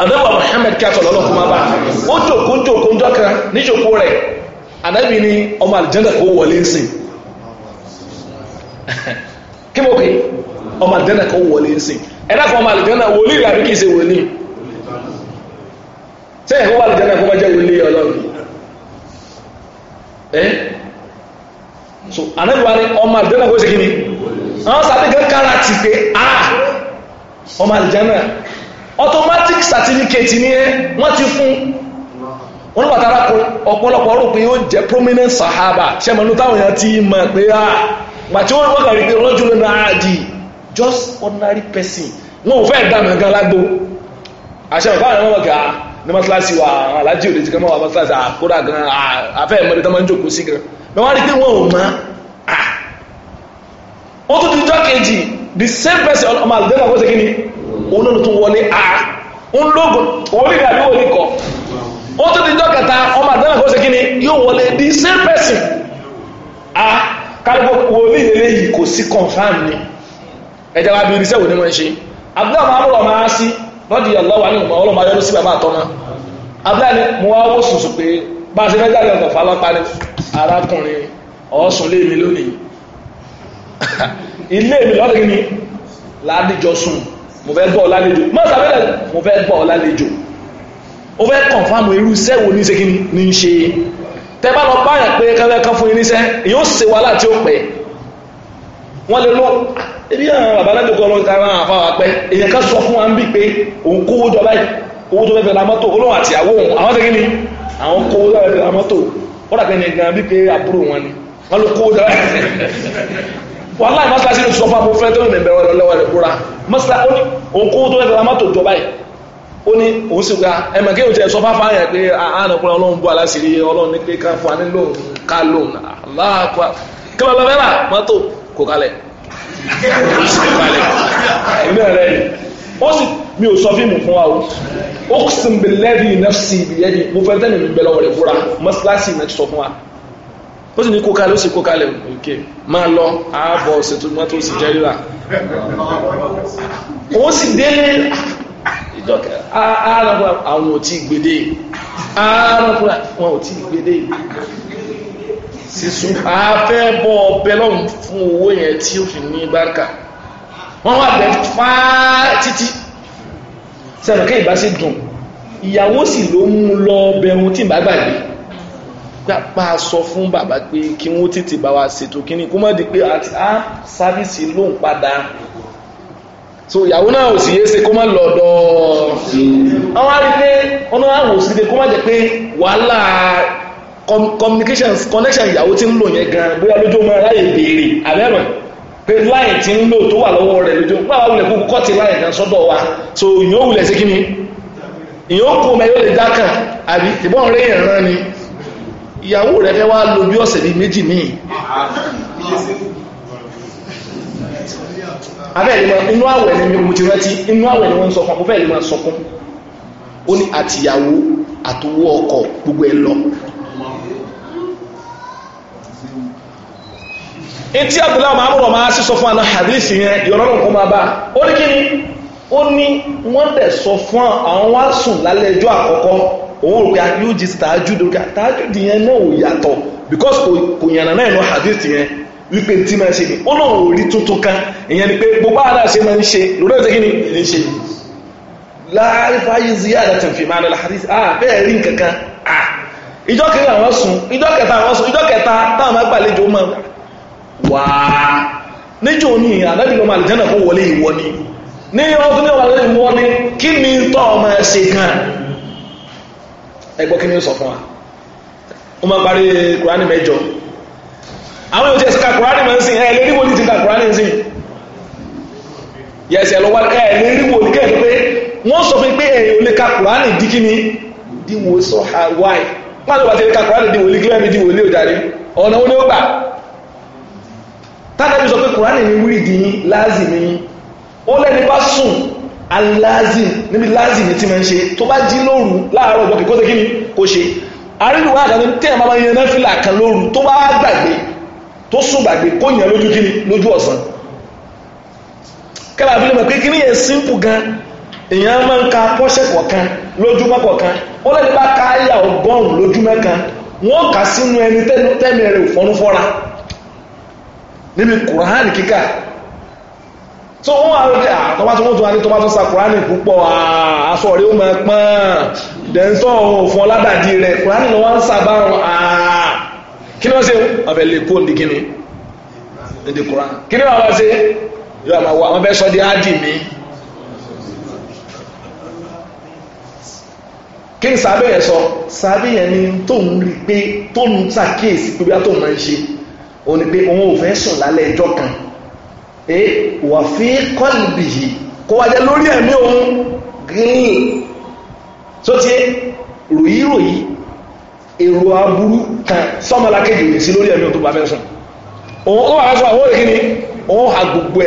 àdẹ́wà Muhammad kí a sọ̀rọ̀ ọlọ́kùn máa bá ó jòkó jòkó ń dọ́kan ní jòkó rẹ̀ ànábì ni ọmọ àlìjẹ́ndà kó wọlé ń sìn kí mo pè ọmọ àlìjẹ́ndà kó wọlé ń sìn ẹ̀dá kan ọmọ àlìjẹ́ndà wòlíì rẹ̀ àbí kìí ṣe wòlíì sẹ́yìn kó wà àlìjẹ́ndà kó má jẹ́ wòlíì Ọlọ́run ẹ́ eh? so àdẹ́gbà ni ọmọ àdìjẹ́nà kó ṣe kí ni àwọn sàtẹ́gẹ́ kára ti pé a ah, ọmọ àdìjẹ́nà automatic certificate ni ẹ wọ́n ti fún wọ́n bàtà ara ọ̀pọ̀lọpọ̀ rò pé ó jẹ́ prominent sahaba ṣẹ́mọ̀lú táwọn èèyàn ti mọ̀ pé a ah, gbàtí wọ́n wọ́n kàrí pé rọ́jú lónà àdì just ordinary person wọn ò fẹ́ dàmẹ̀ gan lágbo àṣẹ ìfáàrẹ̀ wọn gà á ní mọ́sálásí wa àwọn alájí òde ti kàn máa wà mọ́sálásí àkóra gan afẹ́ ìmọ̀lẹ́ tó máa ń jókòó sí gan bẹ́ẹ̀ wọ́n rí pé wọ́n ò mọ́ ó tún ti jọ́ kejì the same person ọmọ àlùdẹ́gbà kó ṣe kí ni òun náà tún wọlé à ń lóògùn òun nígbà bí wọ́n ní kọ́ ó tún ti jọ́ kẹta ọmọ àlùdẹ́gbà kó ṣe kí yóò wọlé the same person à kálífọ́ wọlé eléyìí kò sí confam ni ẹ̀jẹ̀ wa bí irisẹ́ wò ni wọ́n ṣe àbúrò àmọ́ àmúrò ọmọ á sí rọ́dì ọlọ́wà ní ìmọ̀ ọlọ́mọ ayọ́rú sí bàbá àtọ́nà abúlé mo wá wó sùn sùn pé bá a ṣe fẹ́ jáde ọ̀dọ̀ falọ́ta ni arákùnrin ọ̀ọ́sùn lé mi lónìí ilé mi lọ́dọ̀ kí ni ládìjọ sùn mo fẹ́ gbọ́ ọ lálejò má sàbẹ̀lẹ̀ mo fẹ́ gbọ́ ọ wọ́n lè lọ ebi àwọn bàbá lẹ́dọ̀kọ́ ọlọ́run tàbí àwọn àfáwà pẹ́ èyàn ká sọ fún wa ń bí pé òun kówó jọ báyìí owó tó fẹ́ la mọ́tò olóhùn àti àwọ̀ òun àwọn tẹ́gí ni àwọn kówó tó fẹ́ la mọ́tò wọ́n dàgbẹ́ ni gan bí pé àbúrò wọn ni wọ́n ló kówó jọ báyìí wọ́n aláì mọ́sálásí ni sọ fún abúlé fẹ́ tó ní bẹ̀rẹ̀ lọ́wọ́ rẹ̀ kúra mọ́sálásí òun kówó tó fẹ́ fẹ́ la mọ́tò jọ báyìí ó ní òun sì gba ẹ̀mọ̀ kí òun tẹ̀ sọ fáfá yẹn pé àánàkùnrin ọlọ́run bú aláṣìírí ọlọ́run ní pé ká fún wa nílò ká lóun aláàkúrà kí lọ́ọ́ lọ́ọ́ mọ́tò kò kalẹ̀ iná rẹ̀ yìí ó sì mi ò sọ fíìmù fún wa o ó sì ń bẹ lẹ́rìí ìnáfsì ìbílẹ́dì mo fẹ́ tẹ́lẹ̀ mi bẹ̀rẹ̀ ọ̀rẹ́ fúra mọ́síláṣì náà ti sọ fún wa ó sì ní kó kalẹ̀ ó sì kó kalẹ̀ òkè máa lọ ààbọ̀ ṣètò mọ́tò sì jẹ́ rírà wọ́n sì délé ìjọkẹ́ ààrùn àwọn ò tí gbèdé ààrùn wọn ò tí gbèdé sísun afẹ́ bọ́ ọbẹ̀ lọ́hùn fún owó yẹn tí ó fi ní bárkà wọ́n wà bẹ̀ fá títí sẹ́nu kí ìbá sì dùn ìyàwó sì ló mú lọ ọbẹ̀ ohun tí ìbá gbàgbé gbàpá sọ fún bàbá pé kí wọ́n tètè bá wa ṣètò kíní kó má pé àti á ló ń padà so ìyàwó náà ò sì yé ṣe kó má lọ ọ̀dọ̀ àwọn àrí pé ọ̀nà àwọn ò kó má jẹ́ pé wàhálà communications connection ìyàwó tí ń lò yẹn gan bóyá lójó máa ráyè béèrè àbẹ́rọ̀ pé láì tí ń lò tó wà lọ́wọ́ rẹ̀ lójó báwa wulẹ̀ kúkú kọ́ ti láì gan sọ́dọ̀ wa so ìyẹn ò wulẹ̀ sí kí ni ìyẹn ò kú ọmọ yóò lè dá kàn àbí ìbọn rẹ̀ yẹn rán ni ìyàwó rẹ̀ fẹ́ wá lo bí ọ̀sẹ̀ bíi méjì míì abẹ́ẹ̀lì máa inú àwẹ̀ ni mo ti rántí inú àwẹ̀ ni wọ́n ń sọkún abẹ́ẹ̀lì máa sọkún ó ní àtìyàwó àtòwó ọkọ gbogbo ẹ lọ etí abdullá ọmọ amúrò máa sí sọ fún àná hadisi yẹn ìrọ̀rùn kó máa bá ó ní kí ni ó ní wọ́n dẹ̀ sọ fún àwọn wá sùn lálẹ́ ẹjọ́ àkọ́kọ́ òun rò pé yóò jí tààjú dòkà tààjú di yẹn náà ò yàtọ̀ because kò yànnà náà ìnú hadisi yẹn wípé tí máa ṣe ni ó náà ò rí tuntun kan ìyẹn ni pé gbogbo àdá ṣe máa ń ṣe lórí ẹ̀sẹ̀ kí ni ìlú ṣe láàrífà yìí ziyada fi máa lọ hadisi ah bẹ́ẹ̀ rí nǹkan kan ah ìjọ́ kẹta àwọn sùn ìjọ́ kẹta àwọn sùn ìjọ́ kẹta táwọn agbàlejò máa wà á níjò ní ànábì lọ́mọ àlìjánà kó wọlé ìwọ ni ní ọdún ní ọ̀rọ̀ ìwọ ni kí ni tọ́ ọmọ ẹ̀ṣẹ̀ ẹgbọ́ kí ni ó sọ fún wa ó máa parí kùránì mẹ́jọ àwọn yóò ti ẹ̀sìn kùránì máa ń ẹ̀ lérí wòlíì ti ká kùránì lọ́wọ́ ẹ̀ lérí kẹ́ẹ̀ pé wọ́n sọ fún pé ẹ̀yìn olè ká kùránì dí kí ni sọ tánàbí sọ pé kùránì ní wíìdì yín láàzì ní yín ó lẹ́ni bá sùn aláàzì níbi láàzì ní tí ma ń ṣe tó bá jí lóru láàárọ̀ ọjọ́ kíkó tẹ́kí ni kò ṣe àríwá àdáni tí ẹ̀ máa yan náfìlà kan lóru tó bá gbàgbé tó sùn gbàgbé kó yàn lójú kíni lójú ọ̀sán kẹ́lá àbílẹ̀ mọ̀ pé kíní yẹn simple gan èèyàn máa ń ka pọ́ṣẹ̀ kọ̀ọ̀kan lójúmọ́ kọ̀ọ̀kan ó lẹ́ni bá káyà ọgọ́rùn-ún lójúmọ́ kan wọ́n kà sínú ẹni tẹ́mi rẹ̀ fọ́nú fọ́ra níbi kùránì kíkà ah, tó wọ́n àwọn ọdẹ àtọ́bá tó wọ́n tó wá ní tọ́bá tó sa kùránì púpọ̀ ah, aṣọ rẹ̀ ó máa pọ́n dẹ̀ńtọ́ òfin ọládàdì rẹ̀ kùránì ló wọ́n ń sábà wọn ah, kí ni wọ́n ṣe ọbẹ̀ lè kó ndí kíni ndí kùránì kí ni wọ́n ṣe yóò máa wọ àwọn bẹ́ẹ̀ sọ di áàdì mi kí ni sábẹ́ yẹn sọ sábẹ́ yẹn ni tóun rí pé tóun ṣàkíyèsí pé bí a tóun máa ń ṣe ó ní pé òun ò fẹ́ sùn lálẹ́ ẹjọ́ kan ẹ wà fi kọ́lìbì yìí kó wájẹ́ lórí ẹ̀mí òun gírín tó ti ròyìn ròyìn èrò aburú kan sọ́mọlákejì òdì sí lórí ẹ̀mí òun tó bá fẹ́ sùn òun ó wà sọ àwọn òkè òun ha gbogbo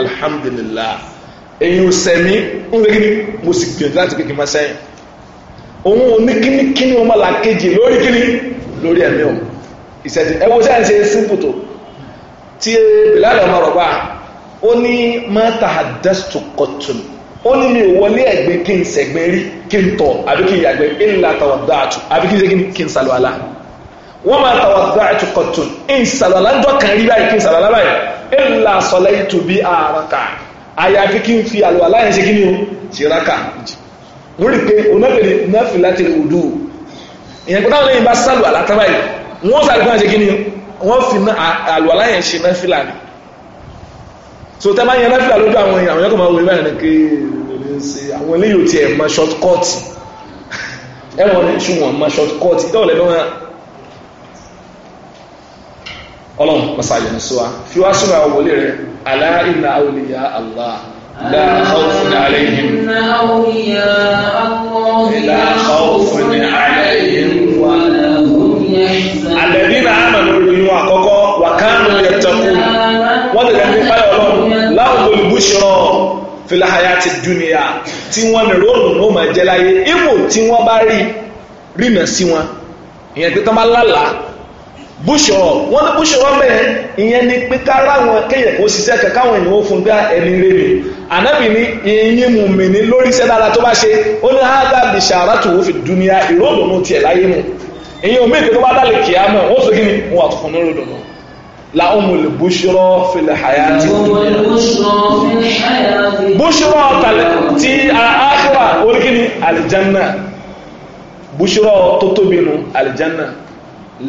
alhamdulillah èyí ò sẹ̀mí ń lé kíni mo sì gbìyànjú láti kékeré máa sẹ́yìn òun ò ní kíní kíní ọmọlákejì lórí kíní lórí ẹ̀mí òun ìṣẹ̀tì ẹwọ sẹ́ǹsẹ̀ síbù tó tí Bilal ọmọ rọ̀bà ó ní mọ́ta àdẹ́sùtù kọ̀tùn ó ní mi ò wọlé ẹ̀gbẹ́ kí n sẹ̀gbẹ́ rí kí n tọ̀ àbí kí n yàgbẹ́ ìlà tàwàdà àtù àbí kí n sẹ́gbẹ́ kí n sàlùwàlá wọ́n máa tàwàdà àtù kọ̀tùn ń sàlùwàlá ń dọ́kàn rí báyìí kí n sàlùwàlá báyìí ìlà sọ̀lẹ́ ìtù bí àràkà àyàfi kí n fi àlùwàlá yẹn ṣe kí ni o ṣe rákà lórí pé onáfẹ̀lẹ́ náfìlá ti rè odò ìyẹn pé táwọn lẹ́yìn bá sàlùwàlá tábàyìí wọ́n sáré kan ṣe kí ni wọ́n fi àlùwàlá yẹn ṣe náfìlà ni so tẹ́ bá yẹn náfìlà lójú àwọn èèyàn àwọn yẹn kò máa wọ ibà yẹn kí àwọn eléyìí ò tiẹ̀ máa short cut ẹ̀wọ̀n ní ṣùgbọ́n máa short cut ìdáwọ̀ lẹ́nu wọn ọlọ́run masáyẹ̀ ní sọ́wá fi wá sínú àwọn wòlé rẹ̀ alā inna awliya Allah lā khawfun 'alayhim lā khawfun 'alayhim sọ filahaya ti dunia tí wọ́n ní róòlù ní ó máa jẹ́ láyé ipò tí wọ́n bá rí rìnà sí wọn ìyẹn pé tán bá lálàá búṣọ wọn ní búṣọ wọn bẹ́ẹ̀ ìyẹn ni pé kára wọn kéèyàn kó ṣiṣẹ́ kan káwọn èèyàn ó fún gbá ẹni rẹ mi ànábì ní ìyín mu mi ní lórí iṣẹ́ dára tó bá ṣe ó ní ága bìṣàrà tó fi dunia ìróòlù ní tiẹ̀ láyé mu ìyẹn omi ìpè tó bá dálé kìá mọ́ wọ́n fi kí ni wọ́n àtúfọ̀ ní róòlù náà lahumul bushra fil hayati bushra ti àáfíà oríkìní alìjánà bushra tó tóbi nù alìjánà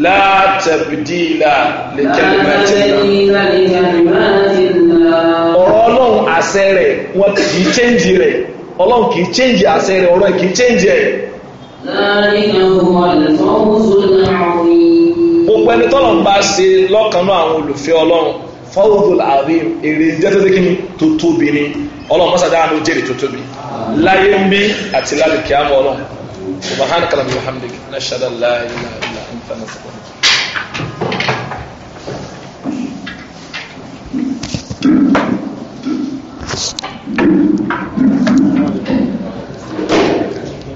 la tabdila li kalimatillah ọ̀rọ̀ ọlọ́run àṣẹ rẹ̀ wọn kì í chẹ́ǹjì rẹ̀ ọlọ́run kì í chẹ́ǹjì àṣẹ rẹ̀ ọ̀rọ̀ kì í chẹ́ǹjì rẹ̀. láàrin àwọn àlùfáà wọ́n sọ gbogbo ẹni tọ́lọ̀ ń bá ṣe lọ́kànnú àwọn olùfẹ́ ọlọ́run fọ́wọ́dọ̀ àríwá èrè jẹ́tẹ́tẹ́ kí ni tó tóbi ni ọlọ́run mọ́sàdá àánú jèrè tó tóbi láyé ń bí àti lálẹ́ kí á mọ ọlọ́run subahana kalam alhamdulilayi nashada laayila ila nfana Thank you.